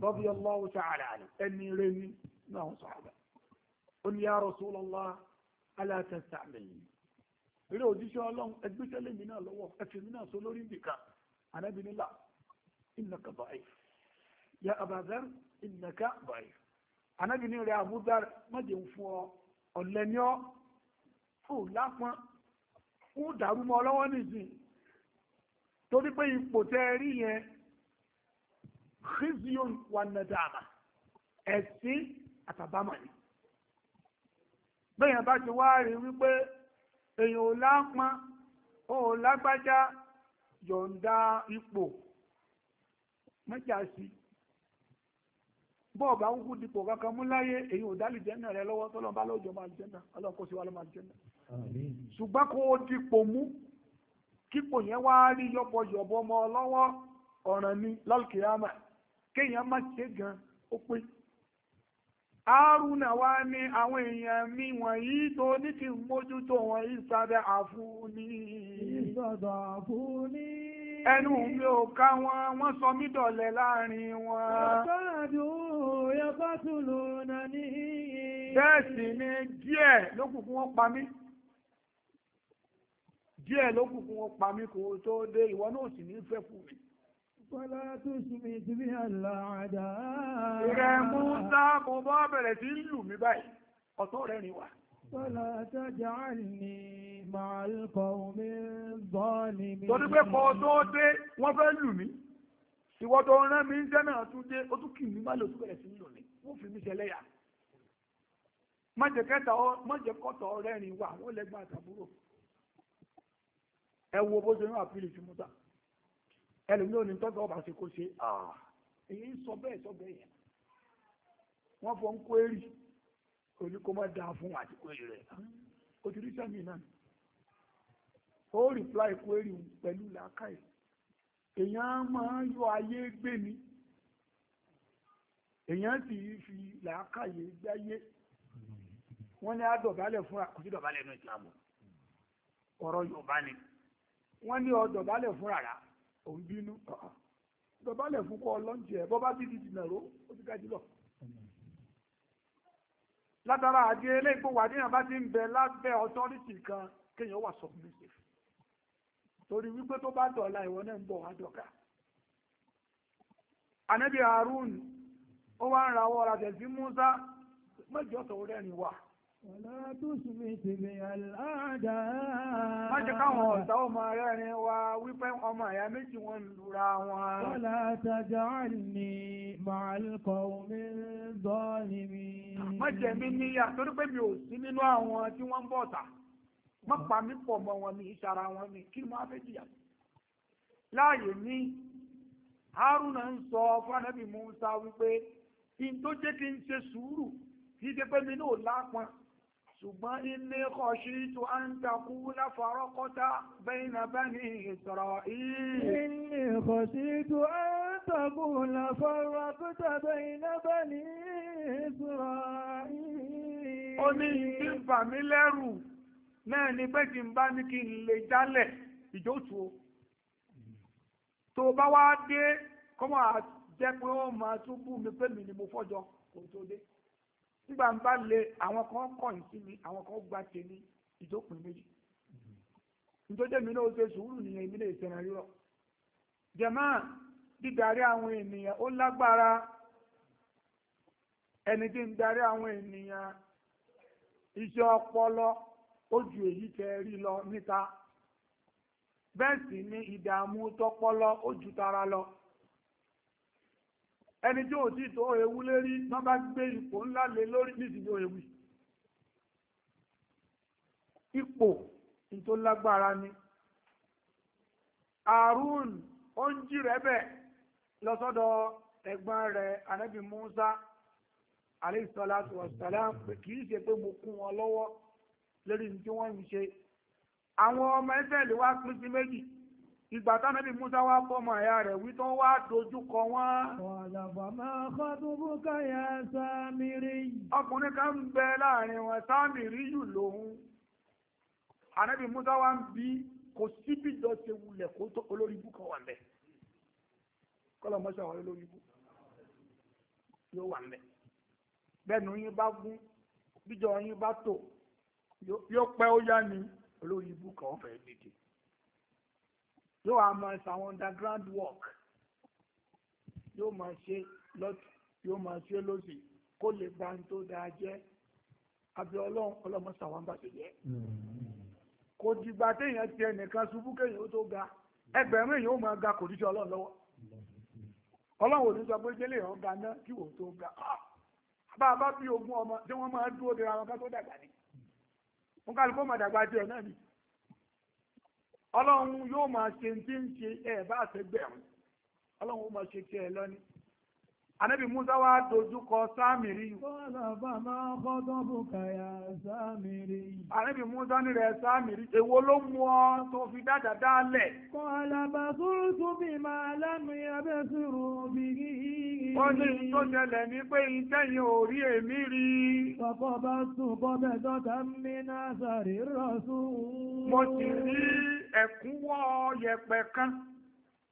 radiyallahu ta'ala ẹni rẹ̀ ní náà sàábà ó ní ya Rasulullah ala tasta'milni eré òjíṣẹ́ ọlọ́run ẹgbẹ́sẹ̀lẹ̀ mi náà lọ́wọ́ ẹfẹ̀ mi náà sọ lórí nìkan anábì nílà innaka da'if ya lápọn ń dàrú mọ́ lọ́wọ́ nìsín torí pé ipò tẹ́ rí yẹn khizyun wà nadama ẹ̀sìn àtàbámọ̀ ni bẹ́yàn bá ti wá rí wípé èyàn ò lápọn lágbájá yọ̀ǹda ipò mẹ́jà sí bọ́ọ̀bà ń kú dipò kankan mú láyé èyí ò dálì jẹ́nà rẹ lọ́wọ́ tọ́lọ́mbà lóòjọ́ máa di jẹ́nà ọlọ́run kò sí wa ló máa di jẹ́nà. ṣùgbọ́n kó o dipò mú kípò yẹn wá rí yọ̀bọ yọ̀bọ ọmọ ọlọ́wọ́ ọ̀ràn ni lálùkìyàmà kéèyàn má ṣe gan ó pé. Haruna wá ní àwọn èèyàn mi wọ̀nyí tó ní kí n mójútó wọn ìsàdà àfúní. ìsàdà àfúní ẹnu mi ò ká wọn wọ́n sọ mí dọ̀lẹ láàrin wọn. àtàdù yàtọ̀ tùlù nàní. bẹ́ẹ̀ sì ni díẹ̀ ló kù fún wọn pa mí díẹ̀ ló kù fún wọn pa mí kò tó dé ìwọ náà sì ní fẹ́ fún mi. Fọlá tó ṣubí ìdíbí àlàáda. Ìrẹ̀ Musa mo bá bẹ̀rẹ̀ sí lù mí báyìí, ọ̀tọ̀ rẹ̀ rìn wá. Fọ́lá tọ́jà ní màá kọ omi bọ́ọ̀lì mi. Torí pé kọ́ tó dé, wọ́n fẹ́ lù mí. Ìwọ tó rán mi ń jẹ́ náà tún dé, ó tún kì mí má lò tún bẹ̀rẹ̀ sí ń lò mí. Wọ́n fi mí ṣẹlẹ́yà. Má jẹ́ kẹta ọ, má jẹ́ kọ́tọ̀ rẹ́rìn wà, wọ́n lẹ́gbọ́n àtàbúrò. Ẹ wo bó ṣe ń wà pílì tí mo ta. Ẹlòmí ò ní tọ́jọ́ ọba ṣe kó ṣe. Ah, èyí ń sọ bẹ́ẹ̀ sọ bẹ́ẹ̀ yẹn. Wọ́n fọ ń kó èrì oníkọ́mọ́ dáa fún àti query rẹ̀ ah. ó ti rí sẹ́mi náà ó reply query pẹ̀lú làákàyè èèyàn máa ń yọ ayé gbé ni èèyàn sì fi làákàyè gbáyé wọ́n ní àdọ̀bálẹ̀ fúnra kò sí dọ̀bálẹ̀ ní ìsìlámù ọ̀rọ̀ Yorùbá ni wọ́n ní ọdọ̀bálẹ̀ fúnra rà òun bínú dọ̀bálẹ̀ fún kọ́ ọlọ́njẹ bọ́ bá bí ti dìnà ró ó ti ká jùlọ látara àdí eléèpò wà níyàn bá ti ń bẹ lábẹ́ ọtọ́rìtì kan kéèyàn wà submissive torí wípé tó bá dọ̀la ìwọ náà ń bọ̀ wá dọ̀ka ànábì Harun ó wá ń rawọ́ ra tẹ̀sí Musa mọ́jọ́ sọ̀rọ̀ rẹ̀ rìn wà. Wọ̀lá tó súnmí ti bí aláàdá. Má jẹ́ káwọn ọ̀tá ọmọ rẹ́rin wa wípé ọmọ àyà méjì wọn lura wọn. Wọ́lá tajà ní màálùkọ̀ omi zọ́ọ̀lì mi. Má jẹ́ mi níyà torí pé mi ò sí nínú àwọn tí wọ́n ń bọ̀ tà. Má pa mí pọ̀ mọ́ wọn mi, ìṣara wọn mi, kí ni fẹ́ jìyà? Láàyè ní Haruna ń sọ fún Anábì Musa wípé, kí n tó jẹ́ kí n ṣe sùúrù, kí n ṣe pé mi náà lápọn ṣùgbọ́n ilé kọ̀ṣí tó a ń takú láfàárọ́kọ́ta bẹ́ẹ̀nà bani Isra'il. ilé kọ̀ṣí tó a ń takú láfàárọ́kọ́ta bẹ́ẹ̀nà bani Isra'il. ó ní ìdí ń bà mí lẹ́rù náà ni pé kí n bá ní kí n lè jálẹ̀ ìjótùú tó bá wá dé kọ́mọ̀ àjẹpẹ́ ó máa mi pé mi ni mo fọ́jọ kò tó dé. nígbà ń bá lé àwọn kan kọ̀yìn sí mi àwọn kan gba tèmi ìjókòó méjì nítorí èmi náà ṣe sùúrù nìyẹn èmi náà ìṣẹ̀rẹ̀ rírọ̀ jẹ̀mọ́ dídarí àwọn ènìyàn ó lágbára ẹni tí ń darí àwọn ènìyàn iṣẹ́ ọpọlọ ó ju ni ìdààmú tọpọlọ ó ju lọ. ẹni tí ò tí tó ewu lérí wọ́n bá gbé ipò ńlá lé lórí nídìí ó ewu ipò tó lágbára ni Arun ó ń jí rẹ̀ bẹ̀ lọ́sọ́dọ̀ ẹ̀gbọ́n rẹ̀ anábì Musa aleyhisalatu wasalam kìí ṣe pé mo kún wọn lọ́wọ́ lórí tí wọ́n ń ṣe àwọn ọmọ Ísírẹ́lì wá pín sí méjì ìgbà táwọn ẹbí Musa wá bọ́mọ ẹ̀yà rẹ̀ wí tó wá dojú kọ wọ́n. ọ̀làbọ̀ máa kọ́ tó bú káyà sámírì. ọkùnrin kan ń bẹ láàrin wọn sámírì yù lòun. ànábì Musa wá ń bí kò síbi dọ̀tí wulẹ̀ kó tó olórí ibú kan wà ń bẹ̀. kọ́lọ̀ mọ́ṣẹ́ àwọn olórí ibú yóò wà ń bẹ̀. bẹ́ẹ̀ ni bá gún bíjọ yín bá tò yóò pẹ́ ó yá ni olórí ibú kan fẹ́ẹ́ dìde yóò wá máa ṣàwọn underground work yóò máa ṣe lọ́tù yóò máa ṣe lọ́sì kó lè bá ń tó dáa jẹ́ abẹ́ ọlọ́run ọlọ́mọ ṣàwọn bàtẹ̀ jẹ́ kò dìgbà téèyàn ti ẹnìkan ṣubú kéèyàn ó tó ga ẹgbẹ̀rún èèyàn ó máa ga kò díṣẹ́ ọlọ́run lọ́wọ́ ọlọ́run ò ní sọ pé délé ọ̀ ga ná kí wò tó ga ah! bá a bá bí ogún ọmọ tí wọ́n máa dúró de ara wọn ká tó dàgbà ni wọn kálukú ọmọ dàgbà tiẹ̀ náà ni ọlọ́run yóò máa ṣe tí ń ṣe ẹ̀ bá àtẹgbẹ̀rún ọlọ́run ó máa ṣe tí ẹ lọ́ní anábì musa wá dojúkọ sáàmìrì anábì musa ní rẹ̀ sáàmìrì èwo ló mú ọ tó fi dájà dálẹ̀. kọ́lá bàtúrú tún bí máa lánàá abẹ́ sùúrù bí. ó ní tó ṣẹlẹ̀ ní pé iṣẹ́ ò rí èmi rí i. فقبضت قبضة من أثر الرسول mo ti rí ẹ̀kúnwọ́ yẹ̀pẹ̀ kan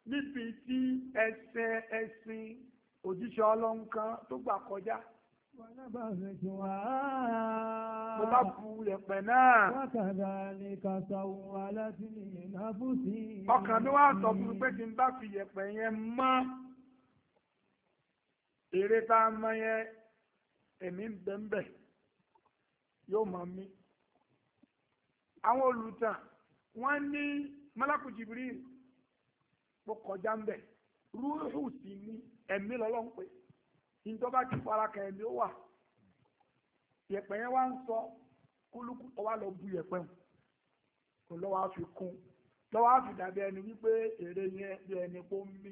níbi tí ẹsẹ̀ ẹ̀sìn òjíṣẹ́ ọlọ́run kan tó gbà kọjá. Mo bá bu yẹ̀pẹ̀ náà. Ọkàn mi wá sọ fún mi pé kí n bá fi yẹ̀pẹ̀ yẹn mọ́. Èrè tá a mọ yẹn ẹ̀mí ń bẹ́ńbẹ́ yóò máa mí àwọn olùtàn wọ́n ní malaku jibril kó kọjá ń bẹ̀ rúhù sí ní ẹ̀mí lọ́lọ́ ń pè ìjọba ti fara kan ẹ̀mí ó wà yẹ̀pẹ̀ yẹn wá ń sọ kúlùkù tó wá lọ bu yẹ̀pẹ̀ hàn kò lọ́wọ́ á lọ́wọ́ á ẹni wípé èrè yẹn bí ẹni kó ń mí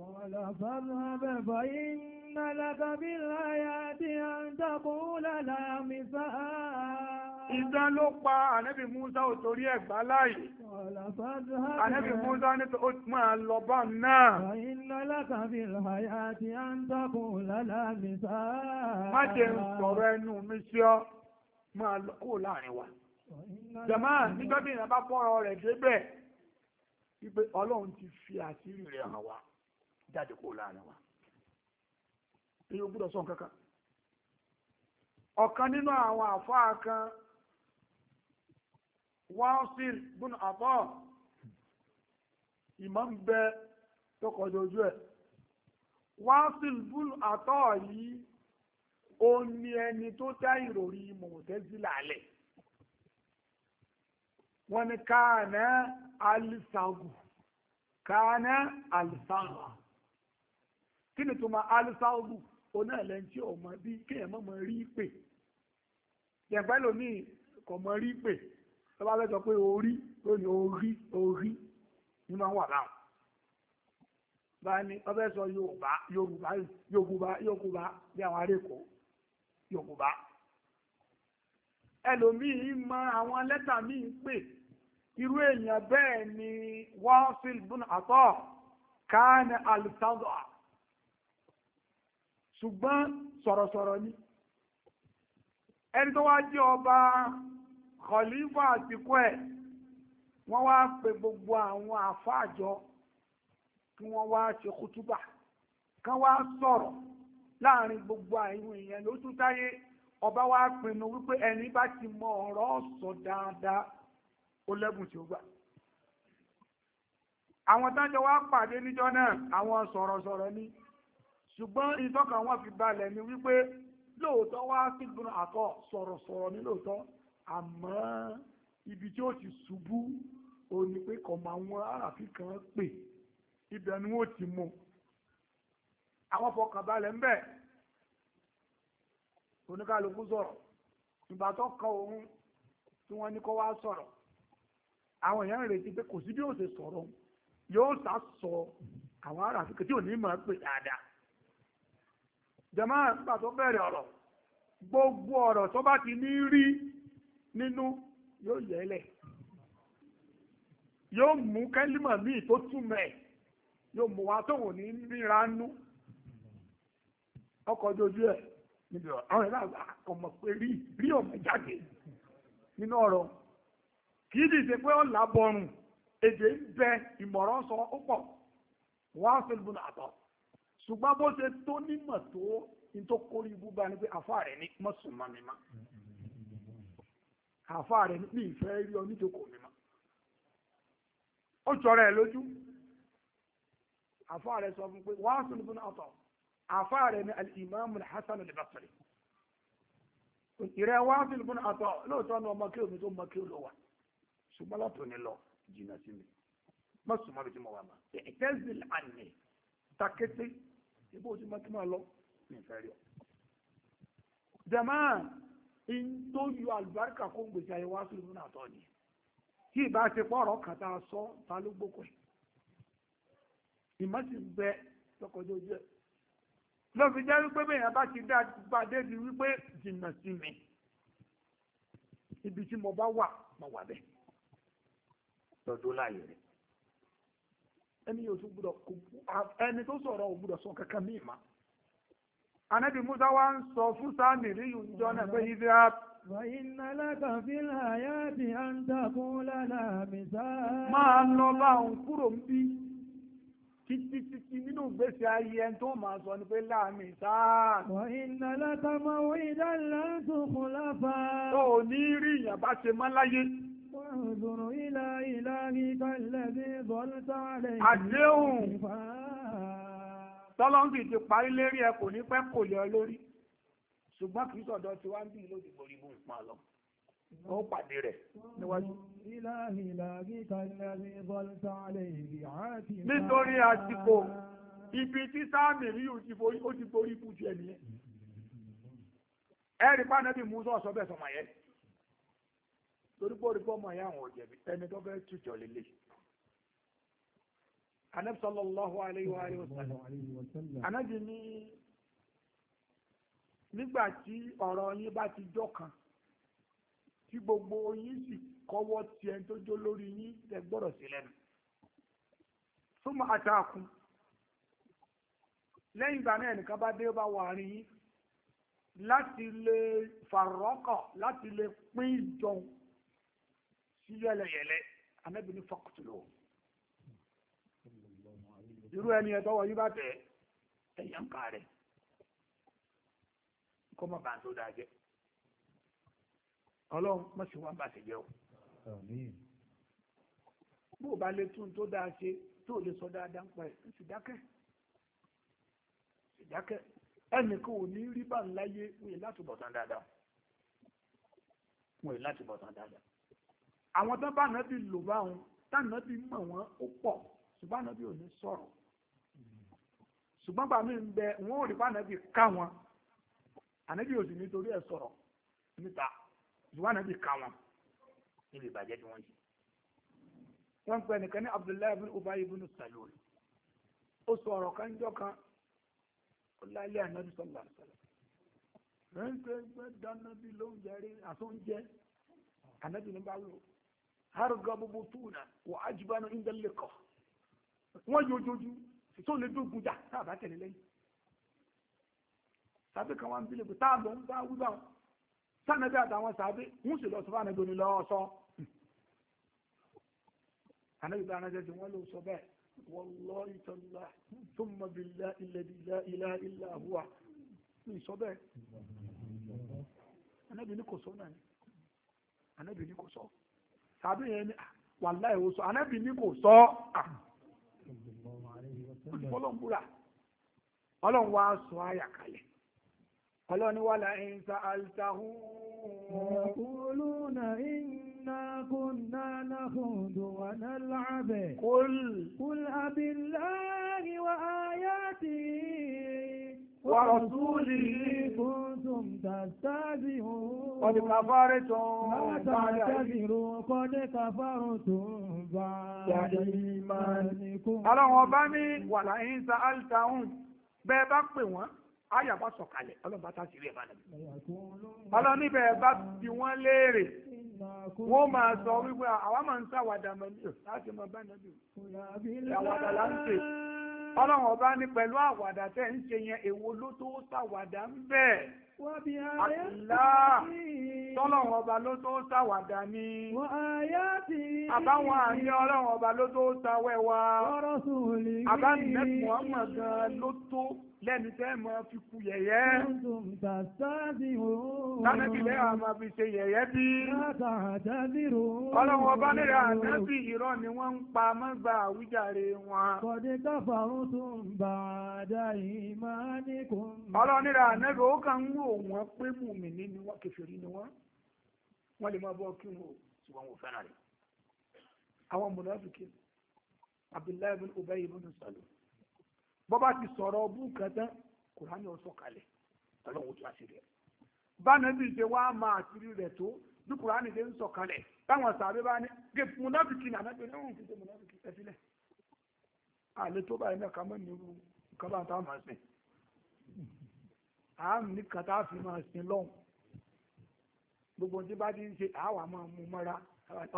قال فاذهب فإن لك بالآيات أن تقول لا مثال Idán ló pa ànẹ́bì Músá ò torí ẹ̀gbá láì. Ànẹ́bì Músá ní ó máa lọ bá náà. Iná lákàbí àyà ti á ń dákun lálàmìsá. Má jẹ́ ń sọ̀rọ̀ ẹnu mi sí ọ, máa lọ kó láàrin wa. Jàmá nígbàbí ìrìnàbá fọ́rọ̀ rẹ̀ débẹ̀, ìpè Ọlọ́run ti fi àṣírí rẹ̀ hàn wá. jáde kó láàrin wa ní o gbúdọ̀ sọ kankan ọ̀kan nínú àwọn àfáà kan wáṣíl bún àbọ̀ ìmọ̀ ń bẹ tó kọjọ ojú ẹ̀ wáṣíl bún àtọ̀ yìí ó ní ẹni tó dá ìròrí mọ̀tẹ́sílà alẹ̀ wọ́n ní kí ni tó máa alisáwùbù oná ẹlẹ́ntì ọmọ bí kéèyàn mọ̀ mọ̀ rí pè yẹ̀pẹ́ lómii kò mọ̀ rí pè tó bá fẹ́ pé orí lónìí orí orí ni máa ń wà láwọn bá ní ọbẹ̀ sọ yorùbá yorùbá yorùbá yorùbá bí àwọn arékò yorùbá ẹlòmíì mọ àwọn lẹ́tà míì pè irú èèyàn bẹ́ẹ̀ ni wọ́n fi bùn àtọ́ káàní alìsáńdọ̀à ṣùgbọ́n sọ̀rọ̀sọ̀rọ̀ ni ẹni tó wá jẹ́ ọba khalifa àtìkọ́ ẹ̀ wọ́n wá pe gbogbo àwọn àfáàjọ kí wọ́n wá ṣe kútúbà kán wá sọ̀rọ̀ láàrin gbogbo àwọn èèyàn ló tún táyé ọba wá pinnu wípé ẹni bá ti mọ ọ̀rọ̀ sọ dáadáa ó lẹ́bùn tí ó gbà àwọn tájọ wá pàdé níjọ náà àwọn sọ̀rọ̀sọ̀rọ̀ ni ṣùgbọ́n ìtọ́kàn wọn fi balẹ̀ ni wípé lóòótọ́ wá sí gbọ́n àtọ̀ sọ̀rọ̀sọ̀rọ̀ ní lóòótọ́ àmọ́ ibi tí ó ti ṣubú ó ní pé kọ̀mọ àwọn aráàfin kan pè ibẹ̀ ni wọ́n ti mú àwọn fọkàn balẹ̀ ń bẹ̀ oníkàlùkù sọ̀rọ̀ ìgbà tó kan òun tí wọ́n ní kó wá sọ̀rọ̀ àwọn èèyàn ń retí pé kò sí bí ó ṣe sọ̀rọ̀ yóò sá sọ àwọn aráàfin kan tí ò ní mọ̀ ẹ́ pè dáadáa jẹmọ́ àgbà tó bẹ̀rẹ̀ gbogbo ọ̀rọ̀ tó bá ti ní rí nínú yóò yẹlẹ̀ yóò mú kẹ́límà míì tó túmẹ̀ yóò mú wa tó ní ríra nú ọkọ̀ ojú ẹ̀ níbi ọ̀rọ̀ ẹ̀ ọmọ pé rí rí ọmọ jáde nínú ọ̀rọ̀ kì í dìde pé èdè ń ṣùgbọ́n bó ṣe tó nímọ̀ tó ní tó kórí ibú bá ní pé àfa rẹ̀ ní mọ̀sùnmọ́ mi má àfa rẹ̀ ní ìfẹ́ rí ọ níjókòó mi má ó jọra ẹ̀ lójú àfa rẹ̀ sọ fún pé wàá sọ nípa ọ̀tọ̀ àfa rẹ̀ ní al-Imam al-Hasan al-Basri ìrẹ́ wàá sọ nípa ọ̀tọ̀ lóòótọ́ ní ọmọ kéwòn tó mọ kéwòn lọ wà ṣùgbọ́n látò ní lọ jìnnà sí mi mọ̀sùnmọ́ mi ti mọ̀ wà má tẹ́sílì àná takété ebó ojú máa kí máa lọ ní ìfẹ́ jamaa in tó yọ àlùbáríkà kó ń gbèsè ayé wá sí ìlú náà tọ́ ni kí ìbá ṣe pọ̀rọ̀ kan a sọ ta ló gbókò ẹ̀ ìmọ̀sí ń bẹ lọ́kọ̀ọ́jọ́ jẹ́ lọ́fi jẹ́ wípé bẹ́ẹ̀ yẹn bá ti dá gbàdé di wípé jìnnà sí mi ibi tí mo bá wà mo wà bẹ́ẹ̀ lọ́dún láàyè rẹ̀ ẹni yóò tún gbúdọ̀ ẹni tó sọ̀rọ̀ ò gbúdọ̀ sọ kankan mí ma. anabi musa wa ń sọ fún sáàmì rí ìjọ náà pé yìí dá. wàyín alákan fi láyà bí a ń takùn lánàá mi sáà. máa lọ bá òun kúrò ń bí títí títí nínú ìgbésí ayé ẹni tó máa sọ ni pé láàmì sáà. wà iná látàmọ́ ìdá láńtò kò láfa. tó o ní rí ìyàbá ṣe mọ́ láyé. وانظر إلى إلهك الذي ظلت عليه àdéhùn tọ́lọ́ǹdì ti parí lérí ẹ kò ní pẹ́ kò lé ọ lórí ṣùgbọ́n kì í sọ̀dọ̀ tí wá ń bí lóde gbòrìgbò ń pa lọ ó pàdé rẹ̀ níwájú. nítorí àsìkò ibi tí sáàmì rí ó ti borí bùjú ẹ̀ nìyẹn ẹ̀rí pàdánù bí musa bẹ̀ sọ̀mọ̀ yẹn. torí pé orí bọ́mọ ya àwọn ẹni tó fẹ́ tùjọ lélẹ̀ Ànábì sallallahu alayhi wa sallam ní nígbà tí ọ̀rọ̀ ti kan tí gbogbo yín sì kọ́wọ́ ti tó jó lórí yín tẹ gbọ́dọ̀ sí lẹ́nu súnmọ́ àtàkùn lẹ́yìn ìgbà náà ẹnìkan bá dé bá wà yín láti lè fàrọ́kọ̀ sí yẹlẹyẹlẹ anábì ní fọkùtùlù irú ẹni ẹ̀tọ́ wọ yí bá tẹ̀ ẹ̀yà ń ká rẹ̀ kọ́ mọ̀ bá ń tó dáa jẹ́ ọlọ́run mọ̀ sí wọn bá ti jẹ́ o bó o bá lè tún tó dáa ṣe tó lè sọ dáadáa ń pa ẹ̀ sì dákẹ́ sì dákẹ́ ẹnìkan ò ní rí bá ń láyé wọ́n yìí láti bọ̀ dáadáa wọ́n yìí láti bọ̀ dáadáa àwọn tó bá nàbí lò bá wọn tánàbí mọ̀ wọ́n ó pọ̀ ṣùgbọ́n ànábì ò ní sọ̀rọ̀ ṣùgbọ́n bá mi ń bẹ wọn ò rí bá ànábì ká wọn ànábì ò sì nítorí ẹ̀ sọ̀rọ̀ níta ṣùgbọ́n ànábì ká wọn níbi ìbàjẹ́ tí wọ́n ṣe. wọ́n ń pẹ́ nìkan ní Abdullahi ibn Ubay ibn Salul ó sọ ọ̀rọ̀ kan jọ kan ó lálẹ́ ànábì sallallahu alaihi wasallam rẹ́ńtẹ́ gbẹ́ dáná bí lóúnjẹ rí àtúnjẹ ànábì ní bá wúlò hargabu butuna wa ajibanu inda liqa wọn yojoju tó lè dógun jà táàbà tẹ̀lé lẹ́yìn sàbẹ̀ kan wá ń bílẹ̀ pé táàbà ń bá wíwá wọn sànàbí àtàwọn sàbẹ̀ ń sì lọ sọ fáwọn ẹgbẹ́ onílọ sọ ànábì bá anájẹ́ tí wọ́n ló sọ bẹ́ẹ̀ wallahi tallahi thumma billahi alladhi la ilaha illa huwa ní ìsọ bẹ́ẹ̀ ànábì ní kò sọ náà ni kò sọ tàbí yẹn ni ah, wàláì ó sọ anábì ní kò sọ ah. ọlọ́run búra ọlọ́run wá sọ àyà kalẹ̀ ọlọ́run wà láì ń sa àlùtàhùn. ọ̀pọ̀lọ́nà ìnà kò nánà fòdò wà nálàbẹ̀. kúl. kúl àbí láàrin wa ayá tì ورسوله كنتم تستهزئون قد كفرتم ما تعتذروا قد كفرتم بعد إيمانكم ọlọ́run ọba mi wà láyín sa altaun bẹ́ẹ̀ bá pè wọ́n àyà bá sọ̀kalẹ̀ ọlọ́run bá tá sí rí ẹ̀ bá dàbí. ọlọ́run níbẹ̀ wọ́n máa sọ wípé àwa máa ń ṣàwàdà mọ́ láti máa bá nàbí ọlọ́run ọba ní pẹ̀lú àwàdà tẹ́ ń ṣe yẹn èwo ló tó ṣàwàdà ń bẹ̀. àtìlá tọ́lọ́run ọba ló tó ṣàwàdà ni. àbáwọn àmì ọlọ́run ọba ló tó ṣàwẹ̀ wa. àbá nẹ́kùn ọmọ gan ló tó. lẹ́ni tẹ́ máa fi kú yẹ̀yẹ́. Tánàbí lẹ́ a máa fi ṣe yẹ̀yẹ́ bí. Ọlọ́run ọba nílẹ̀ ànábì ni wọ́n ń pa mọ́gbà àwíjàre wọn. Kọ̀dé káfà ó tún ó kàn pé mùmìnì ni wọ́n ni wọ́n. Wọ́n bọ́ bá ti sọ̀rọ̀ ọbú kan tán kùránì ọ̀sọ̀ kalẹ̀ ọlọ́run tó àṣírí rẹ̀ báná bí ṣe wá máa àṣírí rẹ̀ tó bí kùránì ṣe ń sọ̀ kalẹ̀ táwọn sàbẹ̀ bá ní gé mùnáfìkì ní ànágbé ní òun ti ṣe mùnáfìkì ẹ sílẹ̀ àlè tó báyìí náà ká mọ́ ní irú nǹkan bá tá a máa sìn àá ní kan tá a fi máa sìn lọ́hùn gbogbo tí bá ti ń ṣe àwa máa mú mọ́ra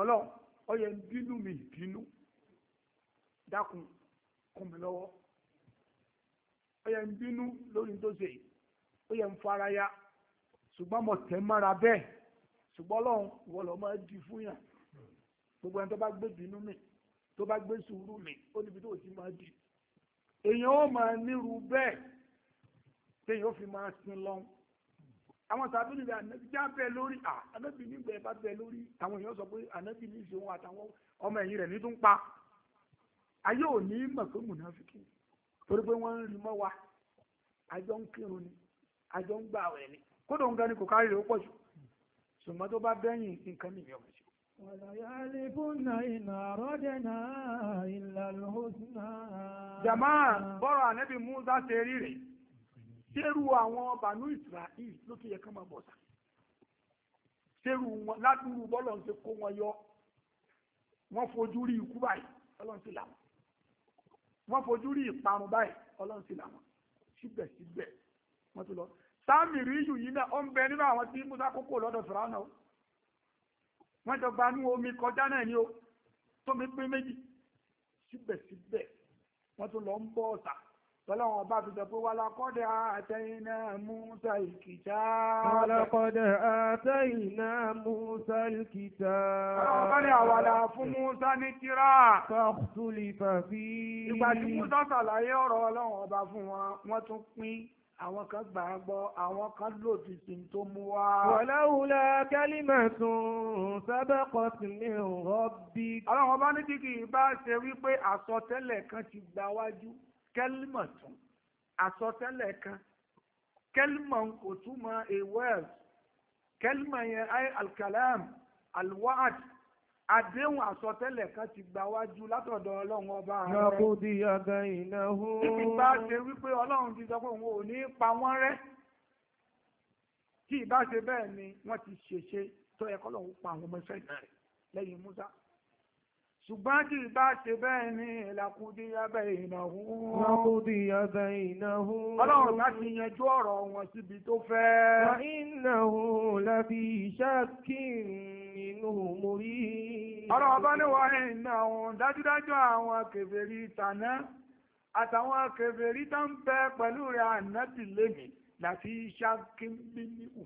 ọlọ́run ọyẹ ń bínú mi bínú dákun kún mi lọ́wọ́ ó yẹ ń bínú lórí tó ṣe ó yẹ ń faraya ṣùgbọ́n mo tẹ̀ mọ́ra bẹ́ẹ̀ ṣùgbọ́n ọlọ́run ìwọ lọ máa di fún yàn gbogbo ẹni tó bá gbé bínú mi tó bá gbé sùúrù mi ó níbi tó ti máa di èèyàn ó máa nírú bẹ́ẹ̀ téèyàn ó fi máa sin lọ́hùn àwọn tàbí nílẹ̀ ànábì já bẹ́ẹ̀ lórí à ànábì nígbà ẹ bá bẹ́ẹ̀ lórí àwọn èèyàn sọ pé ànábì ní ìṣòwò àtàwọn ọmọ ẹ̀yìn rẹ̀ ní tó ń pa ayé ò ní pé mùnàfíkì torí pé wọ́n ń rí mọ́ wa àjọ ń kírun ni àjọ ń gbà wẹ̀ ni kódò ń gani kò kárí rẹ̀ ó pọ̀ jù ṣùgbọ́n tó bá bẹ́yìn nǹkan nìyí ọmọ jù. jama bọ́rọ̀ ànẹ́bí Musa ṣe rí rẹ̀ ṣerú àwọn bànú Israel ló tún yẹ ká máa bọ̀ sá ṣerú wọn ládùúgbò bọ́lọ̀ ń ṣe kó wọn yọ wọ́n fojú rí ikú báyìí ọlọ́run ti làwọn wọ́n fojú rí ìparun báyìí ọlọ́run sì làwọn síbẹ̀síbẹ̀ wọ́n tún lọ sáàmì ríjù yìí náà ó ń bẹ nínú àwọn tí musa kókó lọ́dọ̀ fìràwọ̀nà o wọ́n jọ gbanú omi kọjá náà ni o tómi pín méjì síbẹ̀síbẹ̀ wọ́n tún lọ ń bọ́ ọ̀tà Tọ́lọ́wọ̀n bá fi sọ pé wà lákọ́dẹ̀ àtẹ́yìnà Musa ìkìtà. Wà lákọ́dẹ̀ àtẹ́yìnà Musa ìkìtà. Ọ̀kọ́dẹ̀ àwàdà fún Musa ní tírà. Fọ́kùtùlì fàfí. Ìgbà tí Musa ṣàlàyé ọ̀rọ̀ Ọlọ́run ọba fún wọn, wọ́n tún pín àwọn kan gbà á gbọ́ àwọn kan lò ti sin tó mú wá. wàláwùlá kálímẹ̀tún sábẹ́kọ̀ sí ní rọ́bì. Ọlọ́run ọba ní kìkì bá ṣe wípé àsọtẹ́lẹ̀ kan ti gbáwájú kẹ́límọ̀ tún àsọtẹ́lẹ̀ kan kẹ́límọ̀ kò túmọ̀ a word kẹ́límọ̀ yẹn ayé alkalam alwaad àdéhùn àsọtẹ́lẹ̀ kan ti gbà wájú látọ̀dọ̀ ọlọ́run ọba rẹ̀. nàkúndì àga ìnáwó. ìgbà ṣe wípé ọlọ́run ti sọ pé òun ò ní pa wọ́n rẹ́ tí ìbá ṣe bẹ́ẹ̀ ni wọ́n ti ṣèṣe tó yẹ kọ́lọ́run pa àwọn ọmọ ìfẹ́ rẹ̀ lẹ́yìn Musa ṣùgbọ́n kì í bá ṣe bẹ́ẹ̀ ni ìlàkúdí abẹ́ ìnáhùn. ìlàkúdí abẹ́ ìnáhùn. ọlọ́run láti yanjú ọ̀rọ̀ wọn síbi tó fẹ́. wà ìnáhùn lábí ṣáàkìn nínú mórí. ọlọ́run bá ní wà ìnáhùn dájúdájú àwọn kèfèrí tàná àtàwọn kèfèrí tó ń bẹ pẹ̀lú rẹ̀ ànábì lẹ́mìí láti ṣáàkìn mímíhù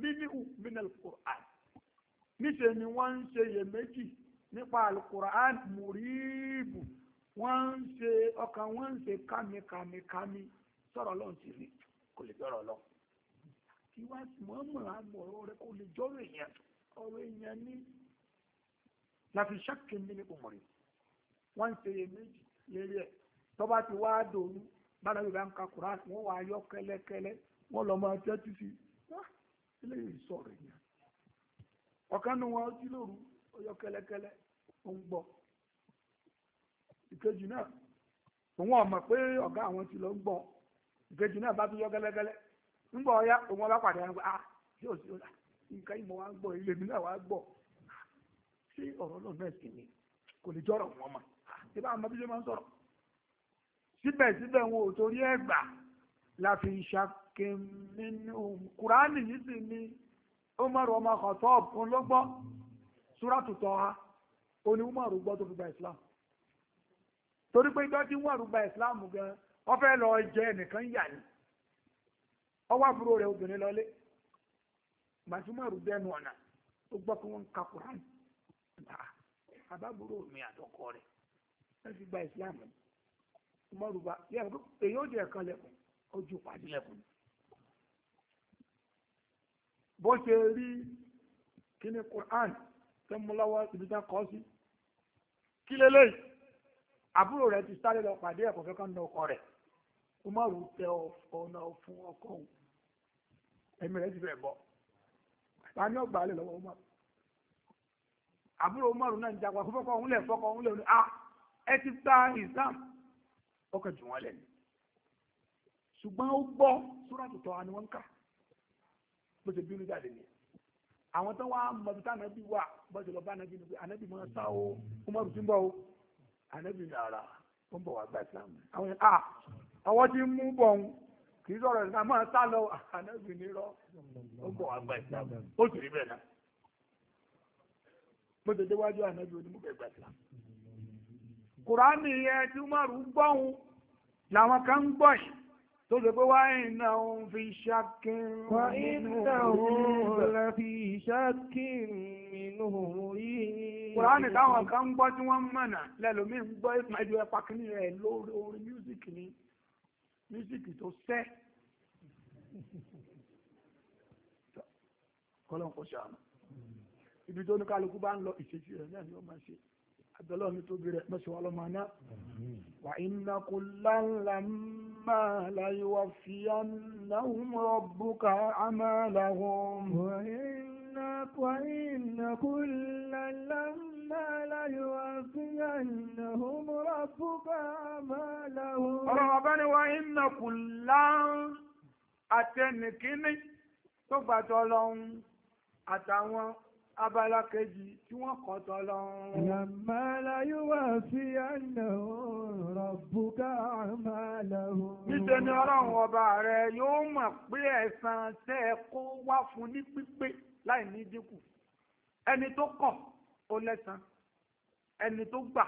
mímíhù mínàlùkù àì. níṣẹ́ ni wọ́n ń ṣe iyèméjì nípa alukur'an mùrìbù wọ́n ń ṣe ọkàn wọ́n ń ṣe kámikàmikàmi lọ́n ti rí kò lè jọ̀rọ̀ lọ. ìwà mọ̀ọ́mọ̀ àgbọ̀rọ̀ rẹ kò lè jọ̀rọ̀ èèyàn ọ̀rọ̀ èèyàn ní ní mọ̀rẹ́ wọ́n lérí ẹ̀ tọ́ba ti wá dòru bára yorùbá ń ka kuran wọ́n wá yọ kẹ́lẹ́kẹ́lẹ́ wọ́n lọ máa èèyàn ọ̀kan nu wọn ó ń gbọ́ ìkejì náà òun ọmọ pé ọ̀gá àwọn ti lọ ń gbọ́ ìkejì náà bá tún yọ gẹ́lẹ́gẹ́lẹ́ ń gbọ́ ọyá òun ọba pàdé àwọn ah yóò sí ọ̀la ìmọ̀ wa ń gbọ́ ilé mi náà wa ń gbọ́ ah, ṣé ọ̀rọ̀ náà náà sì ni kò lè wọn ah, ṣé bá bí ṣe máa ọmọ ó ní umaru gbọ́ tó fi gba islam torí pé ìjọ tí umaru gba islam gan wọ́n fẹ́ lọ jẹ ẹnìkan yà ní ọwọ́ àbúrò rẹ̀ obìnrin lọlé umaru dẹnu ọ̀nà ó gbọ́ wọ́n ń ka quran ah, àbábúrò mi àtọkọ rẹ̀ wọ́n fi gba islam umaru bá èyí ó jẹ ẹ̀kan lẹ́kùn ó ju pàdé lẹ́kùn bó ṣe rí kíní quran tẹ́múláwá kí lélẹ́yìí àbúrò rẹ̀ ti sáré lọ pàdé ẹ̀kọ́ fẹ́ kán na ọkọ rẹ̀ umaru tẹ ọ̀nà fún ọkọ òun ẹ̀mí rẹ̀ ti fẹ́ bọ́ ta ni ọgbà alẹ́ lọ́wọ́ umaru àbúrò umaru náà ń jagun àkófọ́kọ́ òun lẹ̀ fọ́kọ́ òun lẹ̀ òun ah ẹ ti ta islam ọkọ̀ jù wọ́n lẹ́nu ṣùgbọ́n ó gbọ́ sóràtútọ́ àni wọ́n ń kà bó ṣe bínú jáde nìyẹn àwọn tó wá mọ̀bí tá ànábì wà bọ́sẹ̀ lọ bá ànábì ni pé ànábì mọ́ sá o kó mọ̀rù tí ń bọ̀ o ànábì ní ara ó ń bọ̀ wá gba islam àwọn yẹn ah ọwọ́ ti mú bọ̀ ń kì í sọ̀rọ̀ ìsìlámù máa sá lọ ànábì ní rọ ó ń bọ̀ wá gba islam ó sì rí bẹ́ẹ̀ náà bó ṣe déwájú ànábì onímọ̀fẹ́ gba islam kùránì yẹn tí mọ̀rù gbọ́hùn làwọn kan ń gbọ́yìn tó ṣe pé wáyé náà ń fi ṣákín Kùránì táwọn kan ń gbọ́ tí wọ́n mọ̀nà lẹ́lòmí ń gbọ́ ìpàdé ẹpa kìíní rẹ̀ lórí orin mísíkì ni, mísíkì tó sẹ́. Kọ́lọ̀ kò ṣàánú. Ibi tó ní kálukú bá ń lọ ìṣesí rẹ̀ náà ni ó máa ṣe àbẹ̀lọ́ mi tóbi rẹ̀ mẹ́sàn wà lọ́mọ aná wà iná kò láńlá máa láyé wà fi ànáhùn rọ̀bùkà àmàlàhùn. wà iná kò láńlá máa láyé wà fi ànáhùn rọ̀bùkà àmàlàhùn. ọ̀rọ̀ wà iná kò láńlá àtẹnìkíní tó gbàtọ́ lọ́hùn àtàwọn abala kejì tí wọ́n kàn tán lọ́rùn. Làmà láyé wà sí àná rọ̀bùkà àmàlàhùn. Níṣẹ́ ni ọlọ́run ọba rẹ̀ yóò mọ̀ pé ẹ̀san tẹ́ ẹ kó wá fún ní pípé láì ní dínkù. Ẹni tó kọ̀ ó lẹ́san. Ẹni tó gbà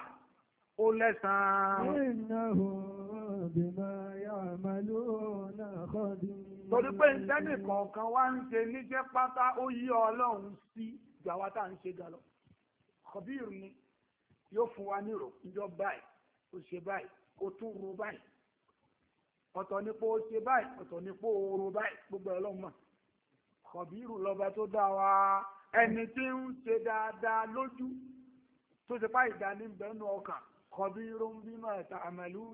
ó lẹ́san. Ìnáwó bímọ yàmàlú náà kọ́ di. Torí pé ìtẹ́nìkọ̀ọ̀kan wá ń ṣe níṣẹ́ pátá ó yí ọlọ́run sí ju àwa tá à ń ṣe gan lọ kọbíìrù ni yóò fún wa nírò ìjọ báyìí ó ṣe báyìí ó tún ro báyìí ọ̀tọ̀ nípo ó ṣe báyìí ọ̀tọ̀ nípo ó ro báyìí gbogbo ẹ̀ lọ́mọ kọbíìrù lọ́ba tó dá wa ẹni tí ń ṣe dáadáa lójú tó ṣe pa ìdání ọkàn kọbíìrù ń bímọ ẹ̀ta àmàlú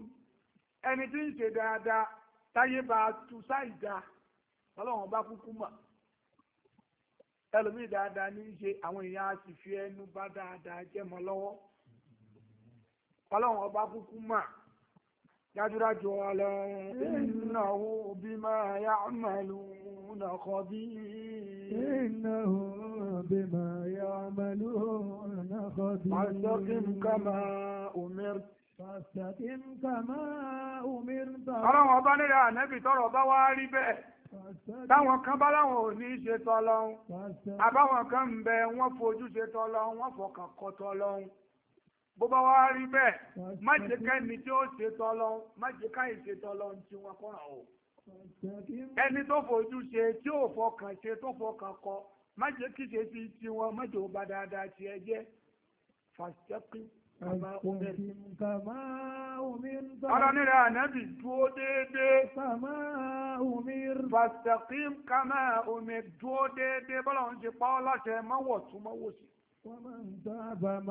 ẹni tí ń ṣe dáadáa táyé bá tu sáìdá ọlọ́run bá kúkú mọ̀ ẹlòmíì dáadáa ní í ṣe àwọn èèyàn á sì fi ẹnu bá dáadáa jẹ́ mọ́ lọ́wọ́ ọlọ́run ọba kúkú mà dájúdájú ọlọ́run ìnáwó bí máa yá ọmọlú nàkọ́ bí. ìnáwó bí máa yá ọmọlú nàkọ́ bí. àjọkín kama omer. Fàṣàkín kama omer. ọlọ́run ọba nílẹ̀ ànẹ́bì tọrọ bá wá rí bẹ́ẹ̀ táwọn kan bá láwọn ò ní í ṣe tọlọ́hún àbáwọn kan ń bẹ wọ́n fojú ṣe tọlọ́hún wọ́n fọkàn kọ tọlọ́hún bó bá wá rí bẹ́ẹ̀ má jẹ́ kẹ́ni tí ó ṣe tọlọ́hún má jẹ́ káyìn ṣe tọlọ́hún tí wọ́n kọ́ra o ẹni tó fojú ṣe tí ò fọkàn ṣe tó fọkàn kọ má jẹ́ kí ṣe ti tiwọn má jẹ́ ó bá dáadáa tiẹ̀ jẹ́ fàṣẹ́kì Ọ̀rọ̀ nílẹ̀ ànábì dúó déédé. Kàmá umir. Fàṣẹ̀kìm kàmá umir dúó déédé. Bọ́lá ń ṣe pa ọ́ láṣẹ mọ́wọ̀ tún mọ́wọ́ sí.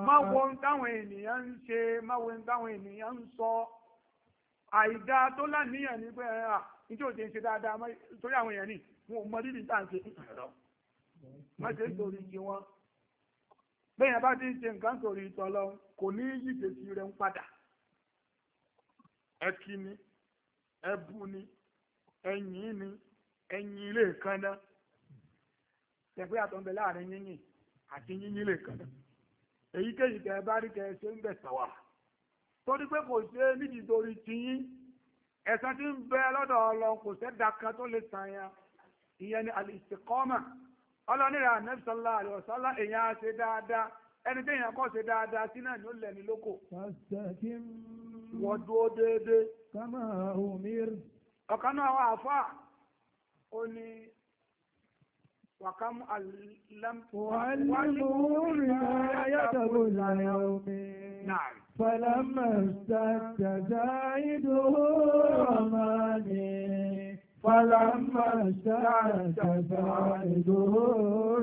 Máwo ń táwọn ènìyàn ń ṣe, máwo ń táwọn ènìyàn ń sọ. Àìdá tó láníyàn ní pé ẹ̀rà nítorí òjò ń ṣe dáadáa torí àwọn èèyàn ní wọn ò mọ rírì tá à ń ṣe. Má ń torí ti wọn. bẹ́yìn bá ti ń ṣe nǹkan torí ìtọ́lọ kò ní yíṣe sí rẹ̀ ń padà ẹkí ni ẹbú ni ẹyìn ni ẹyìn ilé ìkànnà tẹ̀pẹ́ àtọ̀nbẹ láàrin yínyìn àti yínyìn ilé ìkànnà èyíkéyìí tẹ̀ bá rí kẹ́ ṣe ń bẹ̀ sọ̀wà torí kò ṣe ẹ̀sán ń bẹ ọlọ kò sẹ́dá kan tó lè sàn yẹn ọlọ́nira ànábì sallallahu alaihi èèyàn ṣe dáadáa ẹni tí èèyàn kọ́ ṣe dáadáa sí náà ni ó lẹ̀mí lóko. wọ́n dúró déédéé. kama umir. ọ̀kan náà wà fà ó ní wàkàmú alámù. wàlúùrì náà yàtọ̀ bó láyà omi. náà. فلما فلما اشتكى فوعده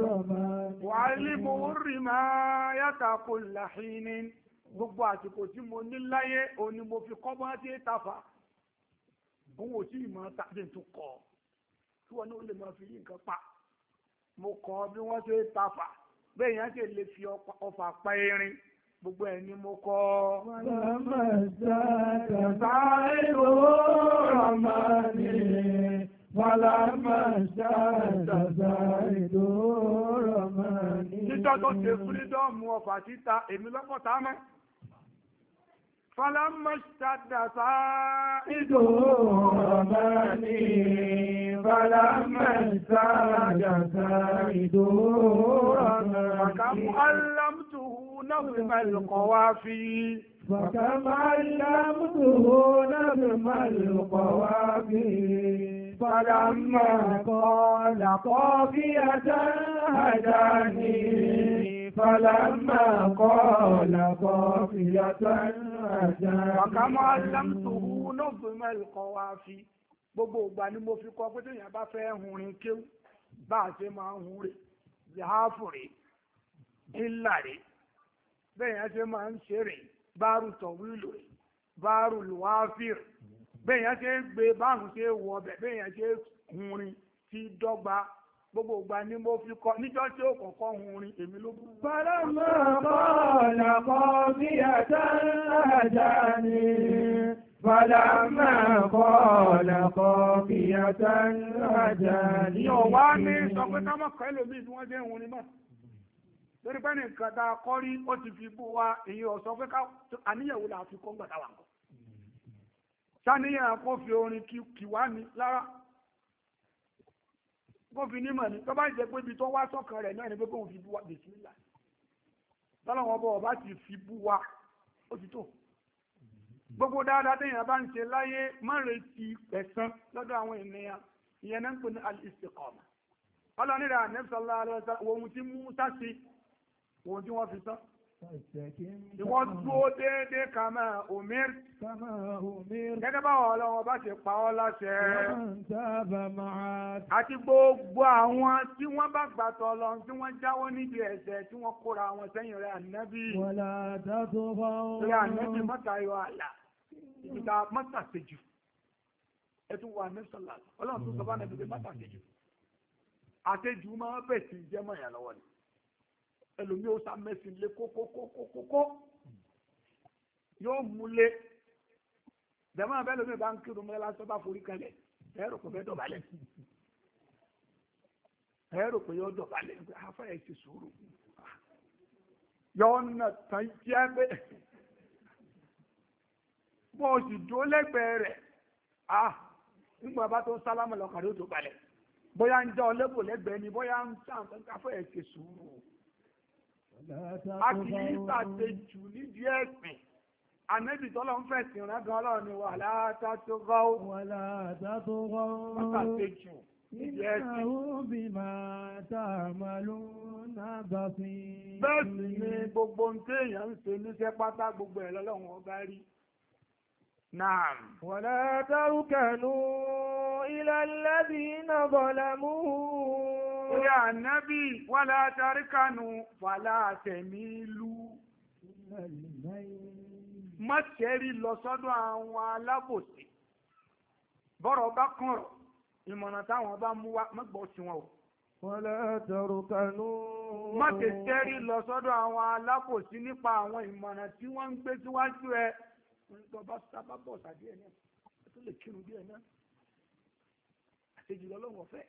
رمى وعلمه الرماية كل حين gbogbo àsìkò tí mo ní láyé òun ni mo fi kọ́ bá ti tàfà òun ò tí ì tàbí tún kọ́ kí wọn ní ó lè máa fi yí nǹkan pa mo kọ́ bí wọ́n ṣe tàfà bẹ́ẹ̀ yẹn ṣe lè fi ọfà pa erin gbogbo ẹ̀ ni mo kọ́. Títọ́ tó ṣe fúrídọ́ọ̀mù ọkọ̀ àti ta èmi lọ́pọ̀ta mẹ́. Fọlámọ́ ṣàdàsá ìdò ọmọ ní Fọlámọ́ ṣàdàsá ìdò ọmọ ní. لمته نظم القوافي فكما لمته نظم القوافي فلما قال قافية هداني فلما قال قافية هداني فكما علمته نظم القوافي gbogbo ìgbà ni mo fi kọ pé téèyàn bá fẹ́ hunrin kéwù bá a ṣe máa ń hunrin zihafu rèé ńlá rèé bẹ́ẹ̀ yẹn ṣe máa ń ṣeré báàrù tọ̀wílò báàrù lùwáfíìr bẹ́ẹ̀ yẹn ṣe gbé báàrù ṣe wọ ọbẹ̀ bẹ́ẹ̀ yẹn ṣe hunrin ti dọ́gba gbogbo ìgbà ni mo fi kọ níjọ́ tí ó kọ̀kọ́ hunrin èmi ló bú. bàrà máa bọ́ ọ̀nà kan bí ẹ̀dá ńlá ẹ̀dá ni. Fàlámà kọ́ọ̀lá kọ́ bí a tán rájá ní. Yọ̀wá ní sọ pé ká mọ̀ kọ́ ẹlòmíì bí wọ́n jẹ́ òun ni náà lórí pé nìkan tá a kọ́ rí ó ti fi bú wa èyí ọ̀sán pé àníyàwó là á fi kọ́ ń gbàdá wa nǹkan sáníyàn kó fi orin kì wá ní lára kó fi nímọ̀ ní tó bá jẹ́ pé ibi tó wá sọ́kàn rẹ̀ náà ni pé kóun fi bú wa bìsímìlà tọ́lọ́wọ́n bọ̀ ọba ti fi bú wa ó ti tó gbogbo dáadáa téèyàn bá ń ṣe láyé má retí ẹ̀san lọ́dọ̀ àwọn ènìyàn ìyẹn náà ń pè ní al-istiqama ọlọ́nira nẹ́fẹ̀sọ́lá wo ohun tí Musa ṣe ohun tí wọ́n fi tán. Ìwọ dúró déédéé ká máa omir. Gẹ́gẹ́ báwọn ọlọ́wọ́ bá ṣe pa ọ́ láṣẹ. Àti gbogbo àwọn tí wọ́n bá gbà tọ̀ lọ, tí wọ́n jáwọ́ níbi ẹ̀ṣẹ̀, tí wọ́n kóra àwọn sẹ́yìn rẹ̀ ànábì. Wọ́lá àtàtò bá wọn. Rẹ̀ ànábì mọ́ta yọ àlà. Ìgbà mọ́ta ṣèjù. Ẹ tún wà ní sọ́lá. Ọlọ́run tó sọ bá nàbí pé mọ́ta ṣèjù. Àṣejù máa bẹ̀ sí jẹ́mọ̀ ìyàlọ́wọ́ ẹlòmí ó sá mẹ́sìn lé kókókókókó yóò múlé jẹ́mọ́ abẹ́ lómi bá ń kírun mọ́lá tó bá forí kalẹ̀ ẹ̀rọ kò fẹ́ dọ̀bálẹ̀ ẹ̀rọ kò yọ dọ̀bálẹ̀ afá ẹ̀ ti sùúrù yọ ọ̀nà tán jẹ́ pé bó o sì dúró lẹ́gbẹ̀ẹ́ rẹ̀ a ah, nígbà bá tó sálámù lọ́kàrí ó tó balẹ̀ bóyá ń jẹ́ ọlẹ́bò lẹ́gbẹ̀ẹ́ ni bóyá ń sàn afá ẹ̀ ti sùúrù a kì í ṣàṣejù nídìí ẹ̀sìn àmẹ́bì tọ́lọ ń fẹ̀sìn rẹ́gan ọlọ́run ni wà látà tó gọ́ọ̀ wà látà tó gọ́ọ̀ wọ́n ṣàṣejù nídìí ẹ̀sìn. ìyàwó bí máa náà bá fi. bẹ́ẹ̀ sì ni gbogbo ohun téèyàn ń ṣe níṣẹ́ Ya nábì wà látàrí kanú wà látẹ̀mí ìlú. Má tẹ́rí lọ sọ́dọ̀ àwọn alábòsí. Bọ́rọ̀ bá kọ̀rọ̀, ìmọ̀nà táwọn bá mú wá mọ́gbọ́ sí wọn o. Wọ́lá tẹ̀rù kanú. Má ti tẹ́rí lọ sọ́dọ̀ àwọn alábòsí nípa àwọn ìmọ̀nà tí wọ́n ń gbé síwájú ẹ. Nǹkan bá sábà bọ̀ sàdí ẹ̀ náà, ó tún lè kírun bí ẹ̀ náà. Àṣejù lọ́lọ́wọ́ fẹ́ẹ́.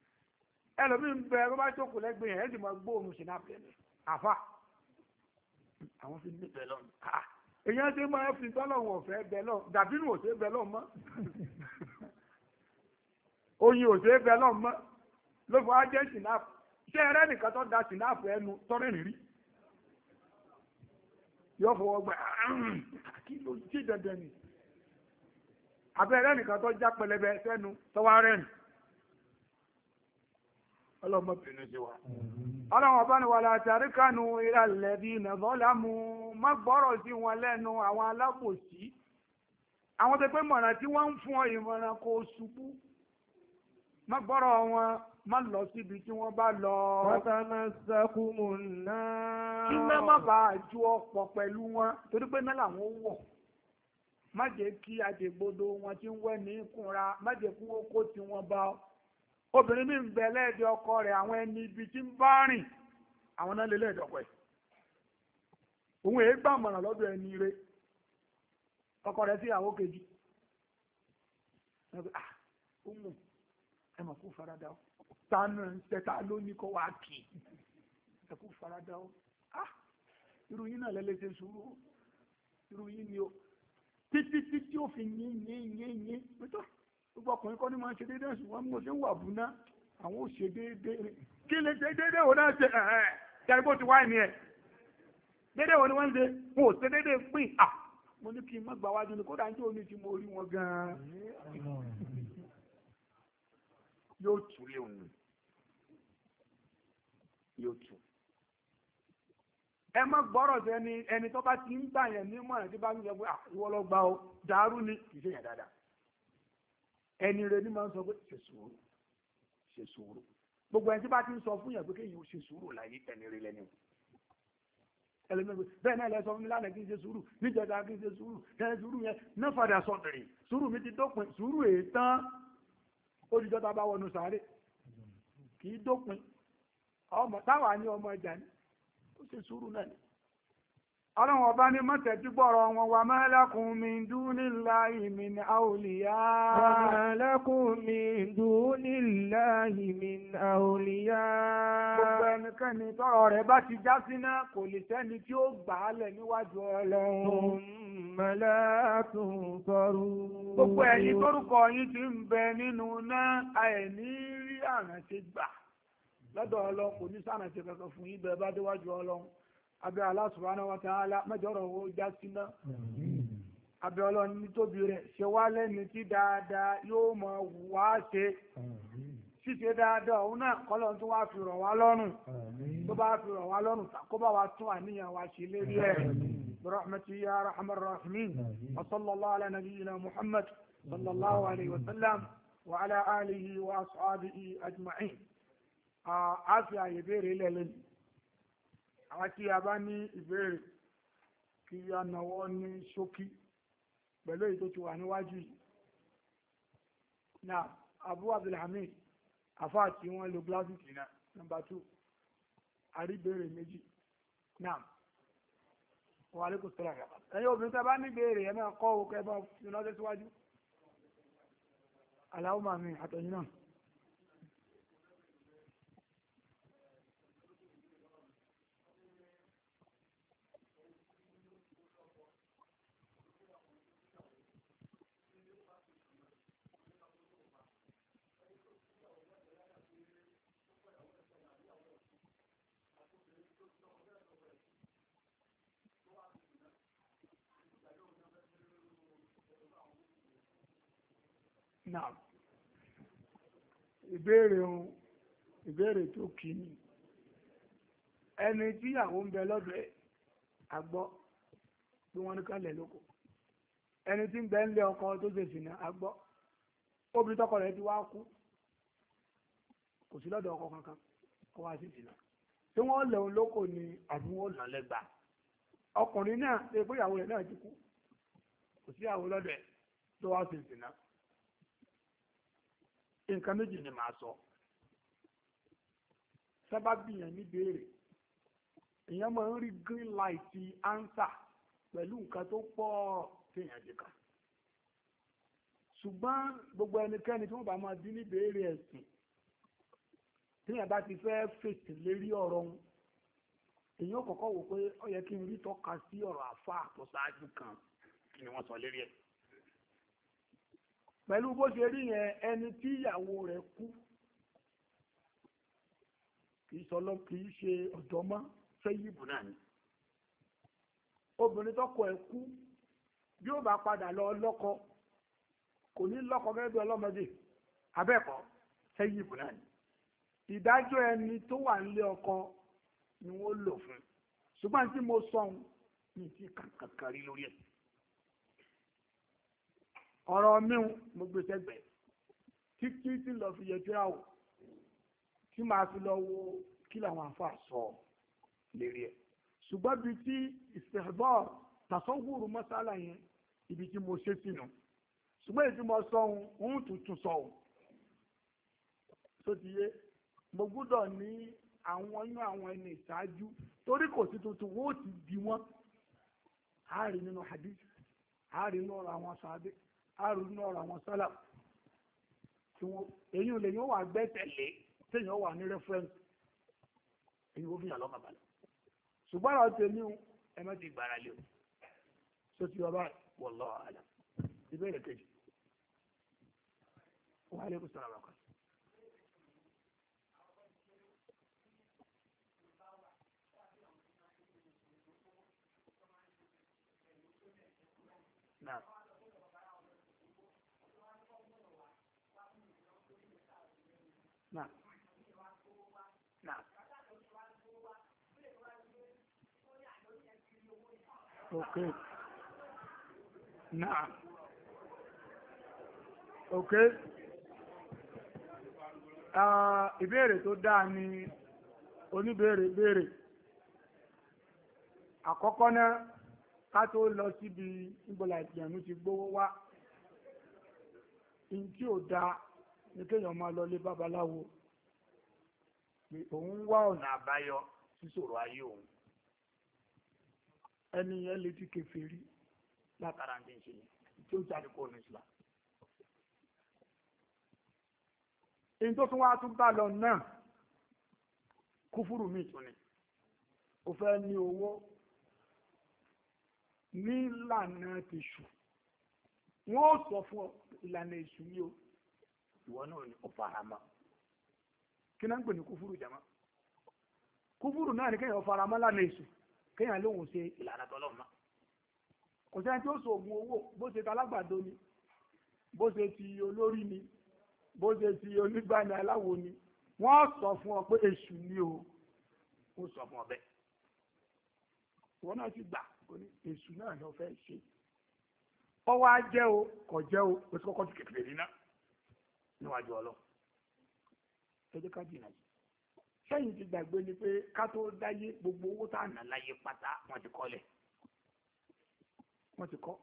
ẹlòmíín bẹ ẹ bá jókòó lẹ́gbẹ̀ẹ́ yẹn ẹ sì máa gbóòórùn sí náà pẹ̀lẹ́ àfà àwọn fi ní bẹ̀ lọ́nà èyàn ti máa fi tọ́lọ̀wọ̀n ọ̀fẹ́ bẹ̀ lọ dàbínú ò ṣe bẹ̀ lọ mọ́ oyin ò ṣe bẹ̀ lọ mọ́ ló fọ́ á jẹ́ sinapu ṣé ẹrẹ́ nìkan tó da sinapu ẹnu tọ́rẹ́ rírí yóò fọwọ́ gbà ah, kí ló ṣe dandan ni àbẹ́ ẹrẹ́ nìkan tó já pẹlẹbẹ sẹ́nu tọ́wárẹ́nu ọlọ́mọ bínú sí wa. ọlọ́wọ́n bá ní wà látàrí kánú ìlà lẹ́bí nàbọ́lámù má gbọ́rọ̀ sí wọn lẹ́nu àwọn alábòsí àwọn tó pé mọ̀ràn tí wọ́n ń fún ọ ìmọ̀ràn kò ṣubú má gbọ́rọ̀ wọn má lọ síbi tí wọ́n bá lọ. pátánà sákúmù náà. kí náà má bàa ju ọ̀pọ̀ pẹ̀lú wọn torí pé náà làwọn wọ̀ má jẹ́ kí àjẹgbodò wọn ti ń wẹ́ ní kúnra má jẹ́ kí wọ́n kó tiwọn bá ọ. obìnrin mi ń bẹ ọkọ rẹ̀ àwọn ẹni ibi tí ń bá rìn àwọn náà lè lẹ́ẹ̀dọ̀pọ̀ ẹ̀ òun èé ọkọ rẹ̀ sí ìyàwó kejì ó ah, mú ẹ mà kú farada ó tánú tẹta ló ní kó kì í ẹ kú farada ah, irú yín náà sùúrù irú yín ni ó títí títí ó fi yín yín gbogbo ọkùnrin kọ́ ní máa ṣe déédéé ṣùgbọ́n mo ṣe ń wà búná àwọn ò ṣe déédéé kí lè ṣe déédéé wò náà ṣe ẹ̀ẹ́ tẹ̀lifó ti wá ẹ̀mí ẹ̀ déédéé wò ni wọ́n ń ṣe wọn ṣe déédéé pín à mo ní kí n má gbà ni kódà ń jẹ́ òní tí mo rí wọn gan-an yóò tù lé òun yóò tù ẹ má gbọ́rọ̀ sí ẹni ẹni tó bá ti ń gbà yẹn ní mọ̀ràn tí bá ń yẹ pé ìwọ lọ dàrú ni kì í ṣe yẹn dáadáa ẹni rẹ ni máa ń sọ pé ṣe sùúrù ṣe sùúrù gbogbo ẹni tí bá ti ń sọ fún yàn pé kéèyàn ṣe sùúrù láyé ẹni rẹ lẹni ẹlẹmẹgbẹ bẹ́ẹ̀ náà lẹsọ fún mi lánàá kí n ṣe sùúrù níjẹta kí n ṣe sùúrù ẹni sùúrù yẹn náà fàdà sọdìrì sùúrù mi ti dópin sùúrù èétán ó ti jọta bá wọnú sáré kì í dópin ọmọ táwa ní ọmọ ẹja ni ó ṣe sùúrù náà ni ọlọ́run ọba ní mọ́tẹ̀jú gbọ́rọ̀ wọn wà máa lakum min dunillahi min awliya. wà rẹ bá ti já síná kò lè sẹ́ni tí ó gbà á lẹ̀ níwájú ọlọ́run. ti lọ́dọ̀ ọlọ́run kò ní abẹ́ Allah subhanahu wa ta'ala mẹ́jọ́rọ̀ owó já síná abẹ́ ọlọ́run ní tóbi rẹ̀ ṣe wá lẹ́ni tí dáadáa yóò mọ̀ wá ṣe ṣíṣe dáadáa òun náà kọ́lọ̀ tó wá fi rọ̀ wá lọ́rùn tó bá fi rọ̀ wá lọ́rùn kó bá wa tún àníyàn wa ṣe lérí ẹ̀ rahmatu ya rahman rahimin wa sallallahu ala nabiyyina muhammad sallallahu alayhi wa sallam wa ala alihi wa ashabihi ajma'in a fi àyè béèrè àwọn tí a bá ní ìbéèrè kí a náwọ́ ní ṣókí pẹ̀lú èyí tó ti wà níwájú yìí na abu abdulhamid afá tí wọ́n lo glasses náà nọmba 2 àríbèrè méjì náà wà lè kò sọ́rọ̀ rẹ̀ ẹ̀yìn obìnrin tẹ́ bá ní béèrè ẹ̀mẹ́ kọ́ òkè bá yọ́nà tẹ́síwájú aláwọ̀ màmí àtọ̀yìn náà ìbéèrè ohun ìbéèrè tó kì í ni ẹni tí ìyàwó ń bẹ lọ́dọ̀ ẹ̀ agbọ́ pé wọ́n ní kálẹ̀ lóko ẹni tí ń bẹ ń lé ọkọ tó ṣe sìnà agbọ́ obìnrin tọkọ rẹ̀ ti wá kú kò sí lọ́dọ̀ ọkọ kankan kó wá sí sìnà tí wọ́n lẹ̀hún lóko ni àbí wọ́n lọ lẹ́gbà ọkùnrin náà ṣe pé ìyàwó rẹ̀ náà ti kú kò sí ìyàwó lọ́dọ̀ ẹ̀ tó wá sí sìnà nǹkan méjì ni ma sọ sábà gbìyàn ní béèrè èèyàn máa ń rí green light answer pẹ̀lú nǹkan tó pọ̀ téèyàn ṣùgbọ́n gbogbo ẹnikẹ́ni tí wọ́n bá máa dín ní béèrè ẹ̀sìn téèyàn bá ti fẹ́ fèsì lérí ọ̀rọ̀ wọn èèyàn wò pé ó yẹ kí n rí tọ́ka sí ọ̀rọ̀ àfa àtọ̀ṣáájú kan pẹ̀lú bó ṣe rí yẹn ẹni tí ìyàwó rẹ̀ kú kìí sọlọ kìí ṣe ọ̀dọ́ mọ́ sẹ́yìnbù náà ni obìnrin tọkọ ẹ̀ kú bí ó bá padà lọ lọ́kọ kò ní lọ́kọ gẹ́gẹ́ bí ọlọ́mọdé abẹ́ẹ̀kọ́ sẹ́yìnbù náà ni ìdájọ́ ẹni tó wà nílé ọkọ ni wọ́n lò fún ṣùgbọ́n tí mo sọ ohun ní ti kàkàrí lórí ẹ̀ ọ̀rọ̀ míhun mo gbé sẹ́gbẹ̀ títí tí lọ fi yẹ tíra wò tí màá fi lọ wo kí làwọn afa sọ lérí ẹ̀ ṣùgbọ́n bíi tí ìṣẹ̀bọ̀ tàṣọ́wùrù mọ́sálà yẹn ibi tí mo ṣe sínú ṣùgbọ́n èyí tí mo sọ ohun tuntun sọ ohun tó ti yé mo gbúdọ̀ ní àwọn inú àwọn ẹni ìṣáájú torí kò sí tuntun wọ́n ti di wọ́n àárín nínú hadith àárín nínú àwọn sàádé àrùn ọ̀rọ̀ àwọn sálà èyí ò lè yóò wà gbẹ́tẹ̀lé téèyàn wà ní rẹ́fúrẹ́ǹsì èyí ó fi hàn lọ́kàn balẹ̀ ṣùgbọ́n àwọn tèmi ẹ má ti gbàrà lé o tó ti wọ́n báyìí wallahu a'lam ìbéèrè kejì wà lè kú sọ̀rọ̀ àwọn kan. Now. نعم نعم اوكي نعم اوكي ìbéèrè tó ni oníbéèrè béèrè àkọ́kọ́ náà ká tó lọ ti in ní kéèyàn máa lọ lé babaláwo pé òun wá ọ̀nà àbáyọ síṣòro ayé òun ẹni yẹn lè ti kèfèrí látara ń ṣe tí ó jáde kó ní Islam èyí tó tún wá tún bá lọ náà kúfúrú mi tún ni ó fẹ́ ní owó nílànà tìṣù wọ́n sọ fún ìlànà èṣù yìí ìwọ náà ni ó kí náà ń pè ní kúfúrú jama kúfúrú náà ni kéèyàn farama lánàá èṣù kéèyàn lóhùn ṣe ìlànà tọ́lọ́run náà kò sẹ́ni tí ó sògùn owó bó ṣe talágbàdo ni bó ṣe ti olórí ni bó ṣe ti onígbàni aláwo ni wọ́n sọ fún ọ pé èṣù ni o ó sọ fún ọ bẹ́ẹ̀ náà ti gbà oní èṣù náà ni ó fẹ́ ṣe ọwọ́ á jẹ́ o kò jẹ́ o oṣù kọ́kọ́ ti kékeré rí náà níwájú ọlọ́ ẹjẹ́ ká jìnà yìí sẹ́yìn ti gbàgbé ni pé ká tó dáyé gbogbo owó tá à nà láyé pátá wọ́n ti kọ́lẹ̀ wọ́n ti kọ́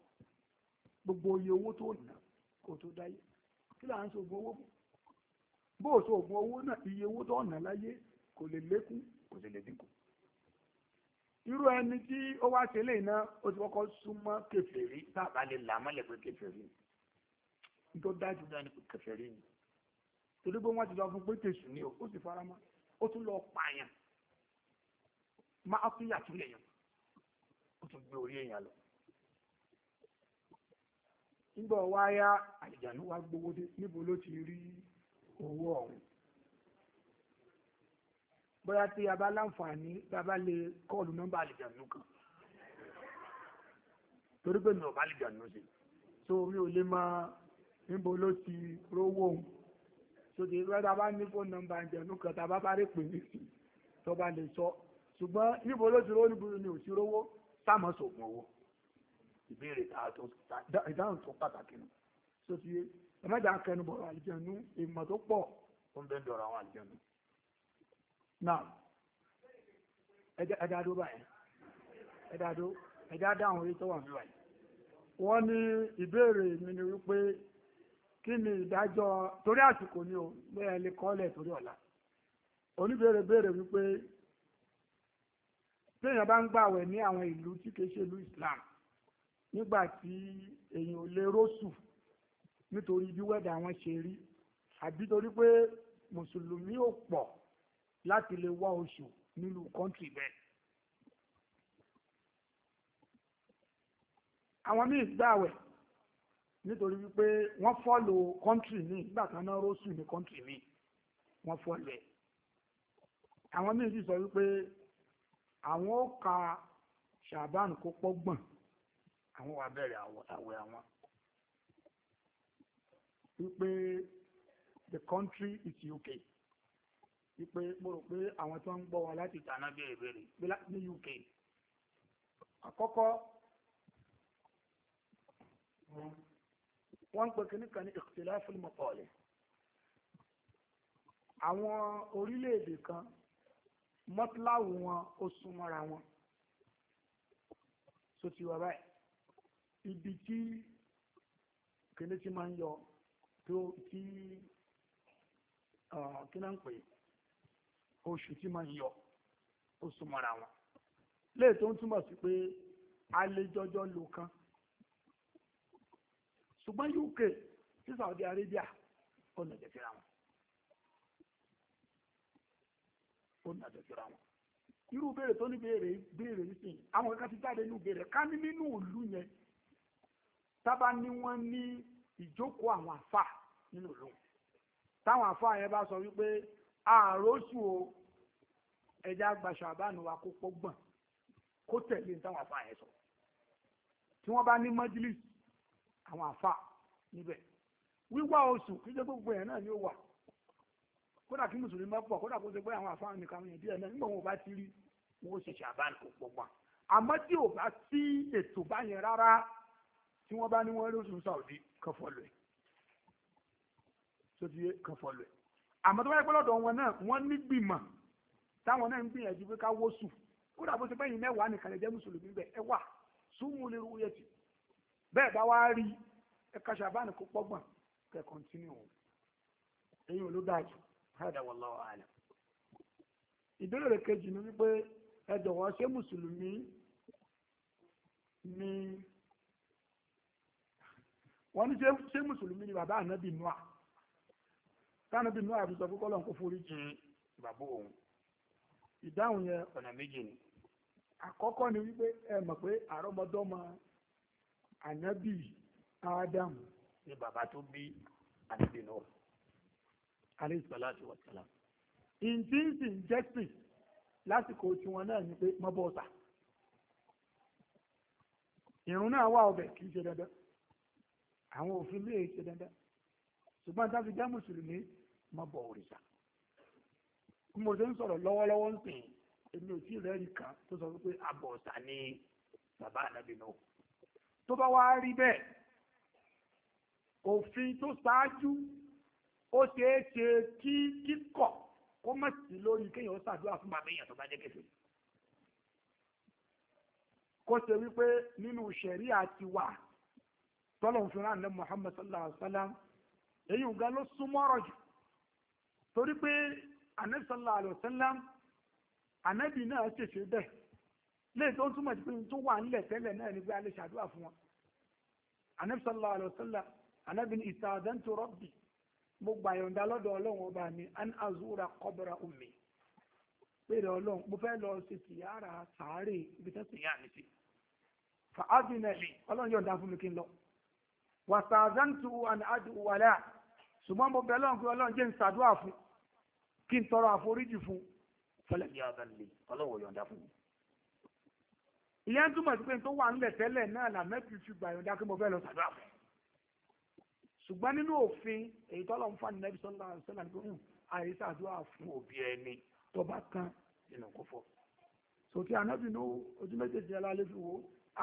gbogbo iye owó tó nà kó tó dáyé kí là ń ṣògùn owó bó o ṣògùn owó náà iye owó tó nà láyé kò lè lékún kò sì lè dínkù irú ẹni tí ó wá ṣe lè ná ó ti kọ́kọ́ súnmọ́ kèfèrí tá a bá lè là mọ́lẹ̀ ni tó dájú náà ni kẹfẹ́ rí ni torí pé wọ́n ti lọ fún pé tèṣù ni ó sì fara mọ́ ó tún lọ pààyàn máa tún yà tún lèèyàn ó tún gbé orí èèyàn lọ nígbà wá yá àlìjànú wá gbowó dé níbo ló ti rí owó ọ̀hún bóyá tí a bá láǹfààní bàbá lè kọ́ọ̀lù nọ́mbà àlìjànú kan torí pé mi ò bá àlìjànú sí so mi ò lè máa níbo ló ti rówó òun sóde rẹ́dà bá ní fóònù nọ́mbà ìjẹ̀nù kan tàbá bá rí pè ní sí tó bá lè sọ ṣùgbọ́n níbo ló ti rówó níbo ni ò sí rówó sáàmọ̀ sògùn owó ìbéèrè ìdáhùn tó pàtàkì nù sóti ẹ̀mẹ́ta kẹnubọ̀rọ̀ àlìjẹ̀nù ìmọ̀ tó pọ̀ ó ń bẹ́ dọ̀rọ̀ àwọn àlìjẹ̀nù náà ẹ̀dá àdó báyìí ẹ̀dá àdó ẹ̀dá àdáhùn orí tó wà níwáyìí wọ́n ní ìbéèrè mi ni wípé kí ni ìdájọ́ torí àsìkò ni o bẹ́ẹ̀ lè kọ́lẹ̀ torí ọ̀la oníbèrè béèrè wípé téèyàn bá ń gbàwẹ̀ ní àwọn ìlú tí kìí ṣe ìlú Islam nígbà tí èèyàn ò lè róṣù nítorí bí wẹ́dà wọn ṣe rí àbí torí pé mùsùlùmí ò pọ̀ láti lè wá oṣù nílùú kọ́ńtì bẹ́ẹ̀. àwọn míì gbàwẹ̀ nítorí wípé wọ́n fọ́lò kọ́ńtì míì nígbà tí wọ́n rọ́ọ̀sù ní kọ́ńtì míì wọ́n fọ́lò ẹ̀ àwọn míì sì sọ wípé àwọn ó ka ṣàbánu kó pọ́gbọ̀n àwọn wà bẹ̀rẹ̀ àwẹ̀ àwọn wípé the country is UK wípé mo rò pé àwọn tó ń gbọ́ wa láti tàná bẹ̀rẹ̀ bẹ̀rẹ̀ ní UK àkọ́kọ́. Mm -hmm wọ́n ń pè kíní kan ní ìkìtìláfù mọ̀tọ́lẹ̀ àwọn orílẹ̀-èdè kan mọ́tíláwù wọn ó súnmọ́ra wọn so ti wà báyìí ibi tí kíní ti máa ń yọ tó tí ah, kí náà ń pè oṣù tí máa ń yọ ó súnmọ́ra wọn léè tó ń túmọ̀ sí pé a lè kan ṣùgbọ́n UK sí Saudi Arabia ọ̀nà jẹ́síra wọn ọ̀nà jẹ́síra wọn irú béèrè tó ní béèrè béèrè nísìn àwọn kan ti jáde nínú béèrè ká ní nínú ìlú yẹn tábà ní wọ́n ní ìjókòó àwọn àfà nínú ìlú táwọn àfà yẹn bá sọ wípé àròsù o ẹja agbaṣọ àbánu wa kó pọ́gbọ̀n kó tẹ̀lé táwọn àfà yẹn sọ tí wọ́n bá ní mọ́jílísì àwọn àfa níbẹ̀ wíwá oṣù kí gbogbo ẹ̀ náà ni ó wà kódà kí mùsùlùmí bá pọ̀ kódà kó ṣe pé àwọn àfa nìkan yẹn díẹ̀ náà nígbà wọn bá ti rí wọn ó ṣe ṣàbánu kò pọ̀ pa àmọ́ tí ò bá sí ètò báyẹn rárá tí wọ́n bá ní wọ́n lóṣù Saudi kan fọlọ́ ẹ̀ sóti kan fọlọ́ ẹ̀ àmọ́ tó bá yẹ pé lọ́dọ̀ wọn náà wọ́n ní táwọn náà ń gbìyànjú pé ká wọ́sù kódà bó ṣe pé yìí mẹ́wàá nìkan lè jẹ́ mùsùlùmí bẹ́ẹ̀ ẹ wà súnmù lérú yẹtì bẹ́ẹ̀ bá wá rí ẹ̀ka ṣàbánì kó pọ́gbọ̀n kẹ́ kọ́ntínú o èyí ò ló ìbéèrè kejì ni wípé ẹ jọ̀wọ́ mùsùlùmí ni wọ́n ní ṣé mùsùlùmí ni bàbá ànábì nua tánàbì nua àfi sọ fún kó forí hmm, bàbá òun ìdáhùn yẹn ni àkọ́kọ́ ni wípé ẹ mọ̀ pé ànábì Adam ni bàbá tó bí ànábì Nuh alayhi salatu wa salam ìǹtí sì ń jẹ́sì lásìkò tiwọn náà ni pé mọ́bọ́ọ̀sà ìrún náà wà ọbẹ̀ kì í ṣe dandan àwọn òfin lè ṣe dandan ṣùgbọ́n tá fi jẹ́ mùsùlùmí mọ́bọ̀ òrìṣà bí mo ṣe ń sọ̀rọ̀ lọ́wọ́lọ́wọ́ ń sìn èmi ò tí ì rẹ́rìí kan tó sọ pé abọ̀ọ̀sà ni bàbá ànábì náà tó bá wá rí bẹ́ẹ̀ òfin tó ṣáájú ó ṣeé ṣe kí kíkọ̀ kó má sí lórí kéèyàn ṣàdúrà fún bàbá èèyàn tó bá jẹ́ kẹfẹ́ kó ṣe wípé nínú ṣẹ̀rí àti wà tọ́lọ̀ fúnra ní Muhammad sallallahu alaihi wa sallam èyí ò ga ló súnmọ́rọ̀ jù torí pé anabi sallallahu alaihi wa náà ṣèṣe bẹ́ẹ̀ léè tó ń túmọ̀ sí pé tó wà nílẹ̀ tẹ́lẹ̀ náà ni pé a lè ṣàdúrà fún wọn anabi sallallahu alayhi wa sallam anabi ni ìtàdántu rabbi mo gbà yọ̀ǹda lọ́dọ̀ ọlọ́run ọba mi an azura qabra ummi pèrè ọlọ́run mo fẹ́ lọ ṣe tìyàrá sàárè ibi tẹ́ sìn yá mi sí fa adinali ọlọ́run yọ̀ǹda fún mi kí n lọ wà sàdántu an adu wàlá ṣùgbọ́n mo bẹ ọlọ́run pé ọlọ́run jẹ́ n fún kí n tọrọ àforíjì fún fẹlẹ̀ bí ọ̀dà lè ọlọ́run yọ̀ǹda fún mi ìyẹn túmọ̀ sí pé tó wà ńlẹ̀ tẹ́lẹ̀ náà là mẹ́tì fi gbà yọ̀ǹda pé mo fẹ́ lọ sàdúrà fún ṣùgbọ́n nínú òfin èyí tọ́lọ̀ ń fà ní nẹ́bí sọ́lá sọ́lá ní pé hmm, àyè sàdúrà fún òbí ẹni tó bá kan nínú kó fọ́ sòkè ànábì ní ojú méjèèjì ẹlá lè fi wò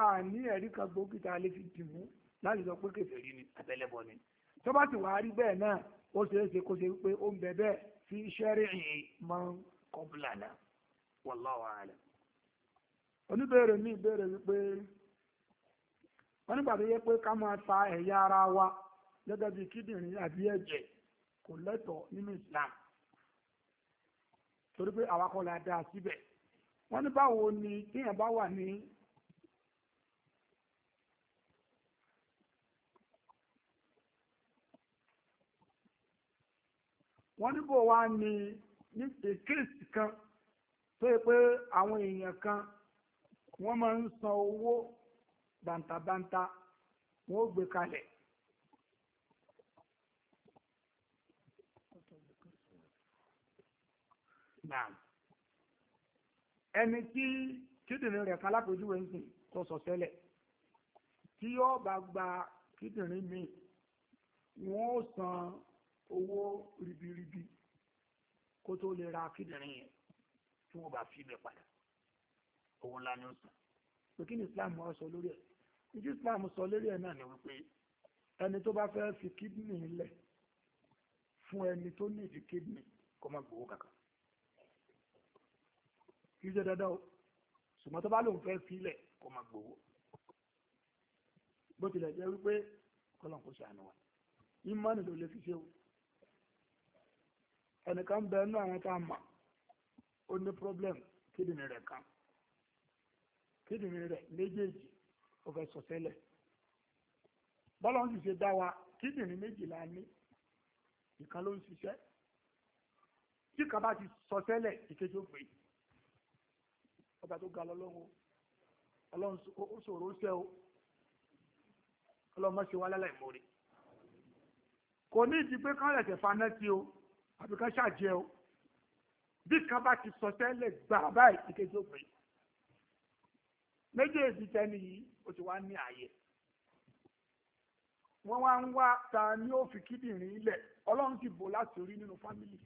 á ní ẹ̀rí kan gbòógì tá a lè fi dìmú láti sọ pé kèfè rí ni àtẹlẹbọ ni tó bá ti wà rí bẹ́ẹ̀ náà ó ṣeé ṣe kó ṣe pé ó ń bẹ bẹ́ẹ̀ fi ṣẹ́rìn mọ́ kọ́bùlànà wallahu a'lam oníbèrè mi ìbéèrè wípé wọ́n nígbà tó yẹ pé ká máa ta ẹ̀yà ara wa gẹ́gẹ́ bí kíndìnrín àbí ẹ̀jẹ̀ kò lẹ́tọ̀ọ́ nínú Islam torí pé àwa kọ́ la dáa síbẹ̀ wọ́n ní báwo ni téèyàn bá wà ní wọ́n níbò wá ní ní èkéèsì kan tó yẹ pé àwọn èèyàn kan wọ́n máa ń san owó bàǹtàbàǹtà wọ́n ó gbé kalẹ̀ ẹni tí kídìrín rẹ̀ kan lápèjúwe ń sìn tó sọ sẹ́lẹ̀ tí yóò bá gba kídìrín míì wọ́n ó san owó ribiribi kó tó lè ra kídìrín yẹn tí wọ́n bá fi bẹ̀ padà òun la ní ó sàn pé kí ni islam wá sọ lórí ẹ̀ ìdí islam sọ lórí ẹ̀ náà ni wípé ẹni tó bá fẹ́ fi kídìnì lẹ̀ fún ẹni tó ní ìdí kídìnì kó má gbowó kankan kì í ṣe dandan o ṣùgbọ́n tó bá lóun fẹ́ filẹ̀ kó má gbowó bó tilẹ̀ jẹ́ wípé kọ́lọ̀ kó ṣàánú wa ìmọ̀nì ló lè fi ṣe o ẹnìkan bẹ nínú àwọn tá a mọ̀ ó ní problem kídìnì rẹ̀ kan kídìnrín rẹ̀ méjèèjì ó fẹ́ sọ tẹ́lẹ̀ bọ́lọ́n sì ṣe dá wa kídìnrín méjìlá ní ìkan ló ń ṣiṣẹ́ tí kan bá ti sọ tẹ́lẹ̀ ìkejì ó gbé ọba tó ga lọ́lọ́run ọlọ́run ó ṣòro ṣẹ́ o ọlọ́run ṣe wá lálẹ́ ìmọ̀re kò ní ìdí pé kán lẹ̀sẹ̀ faná sí o àbí kán ṣàjẹ́ o bí kan bá ti sọ tẹ́lẹ̀ gbà báyìí ìkejì ó gbé yìí. méjèèjì tẹni yìí ó ti wá ní àyè wọ́n wá ń wá ta ni ó fi kíndìnrín ilẹ̀ ọlọ́run ti bò láti rí nínú fámìlì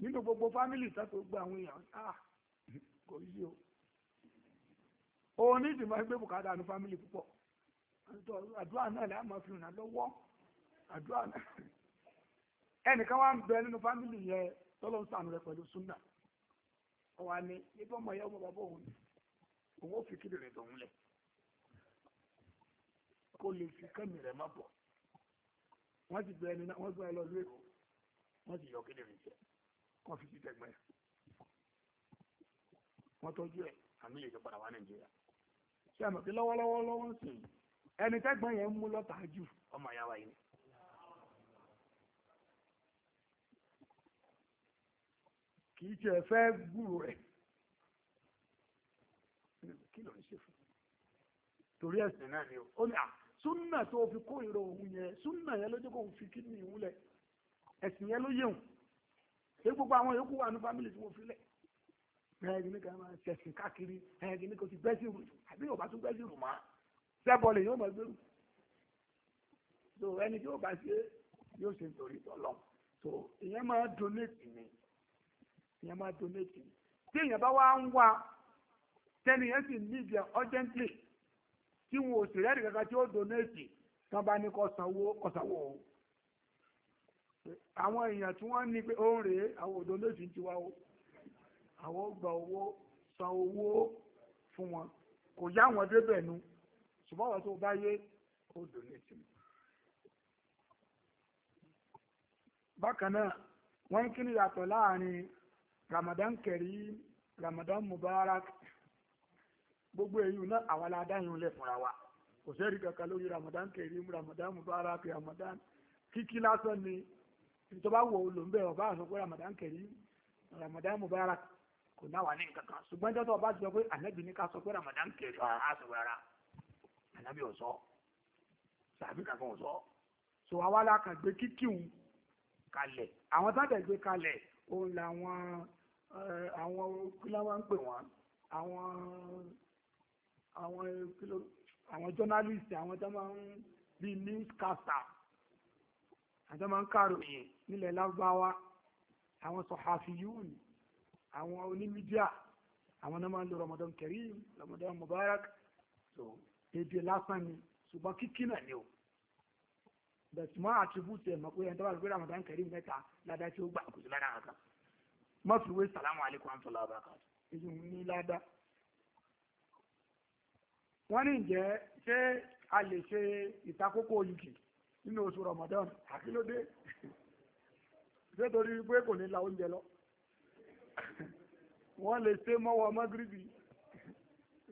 nínú gbogbo fámìlì tẹ́tò gba àwọn èèyàn ah kò o òun ní ìdìmọ̀ ẹgbẹ́ bùkátà ní fámìlì púpọ̀ àdúrà náà lè máa fi ràn lọ́wọ́ àdúrà náà ẹnìkan wá ń bẹ nínú fámìlì yẹn ọmọ ọmọ bàbá òun òun ó fi kíndìnrín tòun lẹ̀ kó lè fi kẹ́mì rẹ̀ má bọ̀ wọ́n ti gbé ẹni náà wọ́n gbé ẹ lọ lórí èkó wọ́n ti yọ kíndìnrín jẹ wọ́n fi sí tẹ̀gbọ́n ẹ̀ wọ́n tọ́jú ẹ̀ àmì lè jọ padà wá nàìjíríà ṣé àmọ̀ pé lọ́wọ́lọ́wọ́ lọ́wọ́ ń sìn ẹni tẹ́gbọ́n yẹn ń mú lọ́tà jù ọmọ ìyá wa yìí kì í ṣe fẹ́ gbúrò rẹ̀ kí ló ń ṣe fún torí ẹ̀sìn náà ni ó ní à súnà tó fi kó ìrọ̀ òun yẹn súnà yẹn ló jẹ́ kó fi kí ni ìhun lẹ̀ ẹ̀sìn yẹn ló yẹun èyí gbogbo àwọn yòókù wà ní fámìlì tí wọ́n fi lẹ̀ ẹ̀ẹ́dì ní ká máa ṣẹ̀sìn káàkiri ẹ̀ẹ́dì ní kò ti bẹ́sì rù àbí yóò bá tún bẹ́sì rù máa sẹ́bọ̀lì yóò máa gbèrú so ẹni tí yóò bá ṣe yóò ṣe nítorí tọ́lọ́ so ìyẹn máa donate ni ìyẹn máa donate ni tí èèyàn bá wá ń wá tẹ́ni yẹn sì need ẹ̀ urgently tí wọn ò sì rẹ́rìí kankan tí ó donate tán bá ní o àwọn èèyàn tí wọ́n ní pé ó ń rèé àwọn ò donate ti wá o àwọn gba owó san owó fún wọn kò yá wọn débẹ̀ nu ṣùgbọ́n àwọn tó bá yé ó donate mi. bákan náà wọ́n Ramadan Kareem Ramadan Mubarak gbogbo èyí náà àwọn aládáyìn lẹ̀ fúnra wa kò sẹ́rí kankan lórí Ramadan Kareem Ramadan Mubarak Ramadan kíkí lásán ni ìjọba wo olóńbẹ̀ ọba àṣọ pé Ramadan Kareem Ramadan Mubarak kò náwà ní nǹkan kan ṣùgbọ́n jọ́tọ̀ ọba ti sọ pé ànábì ní ká sọ pé Ramadan Kareem aṣọ rárá ànábì ò sọ sàbí kankan ò sọ so àwa la kàn gbé kíkíhun kalẹ̀ àwọn tá gbé kalẹ̀ òun làwọn àwọn kí ló ń pè wọ́n àwọn àwọn àwọn journalist àwọn tó máa ń bí newscaster àti máa ń kàròyìn nílẹ̀ lágbáwá àwọn sọ̀hàfíyún àwọn onímídíà àwọn náà máa ń lo Ramadan Kareem Ramadan Mubarak so èdè lásán ni ṣùgbọ́n kíkí náà ni o bẹ̀sùn máa àtúbùtù ẹ̀ mọ̀ pé ẹni tó bá lè gbé Ramadan Kareem mẹ́ta ládàá tí ó gbà kùsùn ládàá kan mọ́fìwé sàlámù alaykum àǹtọ́lá ọ̀bàkà èyí ń ní ládàá wọ́n ní jẹ́ ṣé a lè ṣe ìtakókò yìí nínú oṣù Ramadan àkílódé ṣé torí pé kò ní la oúnjẹ lọ wọ́n lè ṣe mọ́wọ́ mọ́gírìbì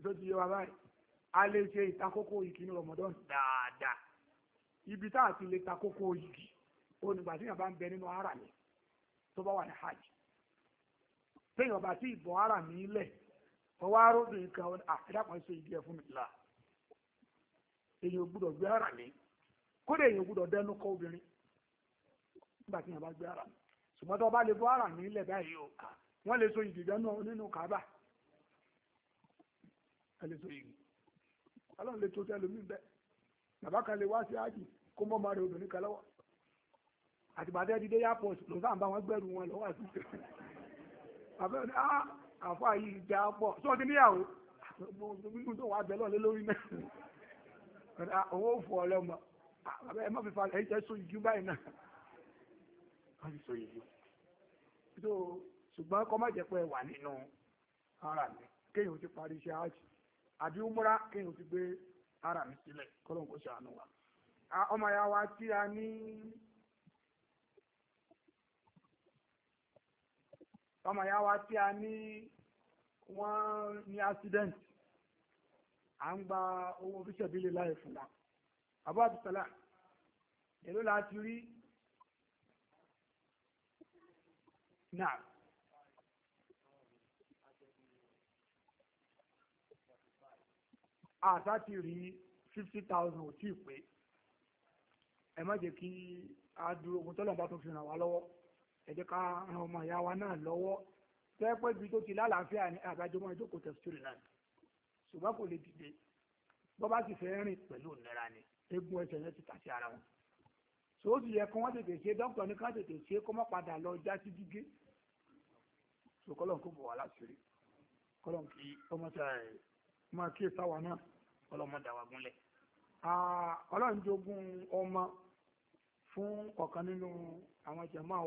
tó ti yẹ wa báyìí a lè ṣe ìtakókò yìí nínú Ramadan dáadáa ibi tá a ti lè takókò yìí onígbà tí bá ń ara mi tó bá wà ní hajj bá ara mi lẹ̀ ọwọ́ aróbìnrin kan àfẹ́dàpọ̀ ṣe ìdí ẹ̀ fún mi là èyàn gbúdọ̀ gbé ara mi kódà èyàn gbúdọ̀ dẹnu kọ obìnrin nígbà tí èyàn bá gbé ara mi ṣùgbọ́n tó bá lè bọ́ ara mi nílẹ̀ báyìí o wọ́n lè so ìdí dẹnu nínú kábà ẹ lè so ìdí ọlọ́run lè tó tẹ́ lómi bẹ́ẹ̀ bàbá kan lè wá sí ájì kó mọ́ ọmọ rẹ̀ obìnrin kan lọ́wọ́ àtìbàdẹ́ dídé airport ló sáà ń bá wọn gbẹ́rù wọn lọ́wọ́ àti bàbá àfáà yìí já pọ̀ sọ ti níyàwó gbogbo tó wà bẹ̀rẹ̀ lórí náà owó fọ ọlọ́mọ àbẹ́ ẹ má fi fa ẹ̀yìn tẹ́ sójú báyìí náà wọ́n ti sóyè yìí tó ṣùgbọ́n kọ́ má jẹ́ pé wà nínú ara mi ti umra ti gbé ara mi sílẹ̀ kọ́lọ́n ṣàánú wa ọmọ ìyá wa tí a ọmọ ìyá wa tí a ní wọ́n ní accident à ń gba owó bíṣẹ̀bílẹ̀ láì fún wa àbọ̀ àbùsọ̀là èló la ti rí náà. àṣà ti rí fifty thousand ò tí ì pé ẹ má jẹ́ kí a dúró ogun tọ́lọ́mùbá tó fi ràn wá lọ́wọ́ ẹ jẹ́ ká ran ọmọ ìyá wa náà lọ́wọ́ tẹ́ pé ibi tó ti lálàáfíà ní àgbájọmọ́ ìjókòó tẹ̀sítírì náà ṣùgbọ́n kò lè dìde bọ́ bá sì fẹ́ rìn pẹ̀lú ìnira ni eégún ẹsẹ̀ yẹn ti tà sí ara wọn so ó sì yẹ kí wọ́n tètè ṣe dókítà ní ká tètè ṣe kó má padà lọ já sí gígé so kọ́lọ́n kó bọ̀ wá láṣìírí kọ́lọ́n kí ọmọọta ẹ̀ máa kí ìsáwà náà kọ́lọ́n mọ́ dàwà gúnlẹ̀ ọlọ́run jogún ọmọ fún ọ̀kan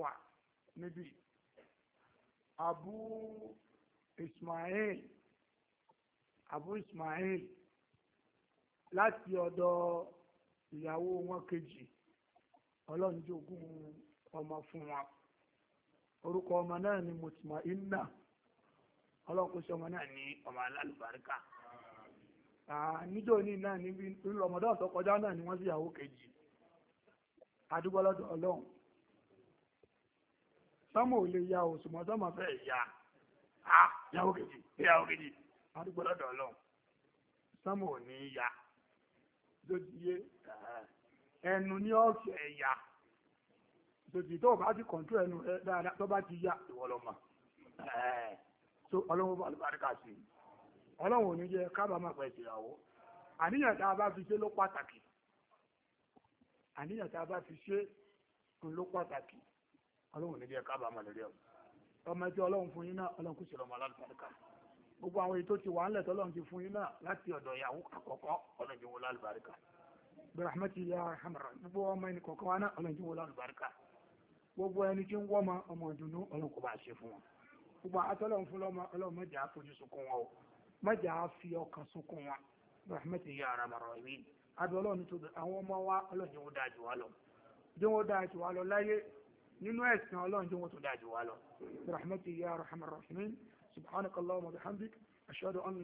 wa níbi abu ismail abu ismail láti ọ̀dọ̀ ìyàwó wọn kejì ọlọ́njogún ọmọ fún wa orúkọ ọmọ náà ni mutmainna ọlọ́kùnṣe ọmọ náà ni ọmọ alálùbáríkà níjọ́ ní náà níbi ńlọmọdọ́ tó náà ni wọ́n sí ìyàwó kejì adúgbọ́lọ́dọ̀ ọlọ́run sọ́mọ̀ ò lè ya òṣùmọ́ sọ́mọ̀ fẹ́ ya yàwó kejì yàwó kejì àdúgbò lọ́dọ̀ ọlọ́run sọ́mọ̀ ò ní ya lójúyé ẹnu ní ọ̀sẹ̀ ẹ̀yà lójú tó bá ti kọ̀ntú ẹnu rẹ dáadáa tó bá ti ya ìwọlọ́mà so ọlọ́run bá alùbáríkà sí ọlọ́run ò ní jẹ́ kábàámà pẹ̀ ìyàwó àníyàn tá a bá fi ṣe ló pàtàkì àníyàn tá a bá fi ṣe ló pàtàkì ọlọ́run ní jẹ́ kábàámọ̀ lórí ọ̀hún ọmọ ẹjọ́ ọlọ́run fún yín náà ọlọ́run kò sì rọmọ alálùbáríkà gbogbo àwọn èyí tó ti wà ńlẹ̀ tọ́lọ́run ti fún yín náà láti ọ̀dọ̀ ìyàwó àkọ́kọ́ ọlọ́run ti wọ lálùbáríkà bí rahmati ya hamara gbogbo ọmọ ẹni kọ̀ọ̀kan wa náà ọlọ́run ti wọ lálùbáríkà gbogbo ẹni tí ń wọ́ ma ọmọ ìdùnnú ọlọ́run kò bá ṣe fún wọn gbogbo nínú ẹ̀sìn ọlọ́run tí wọ́n tó dájú wá lọ rahmatu ya rahman rahimin subhanakallahumma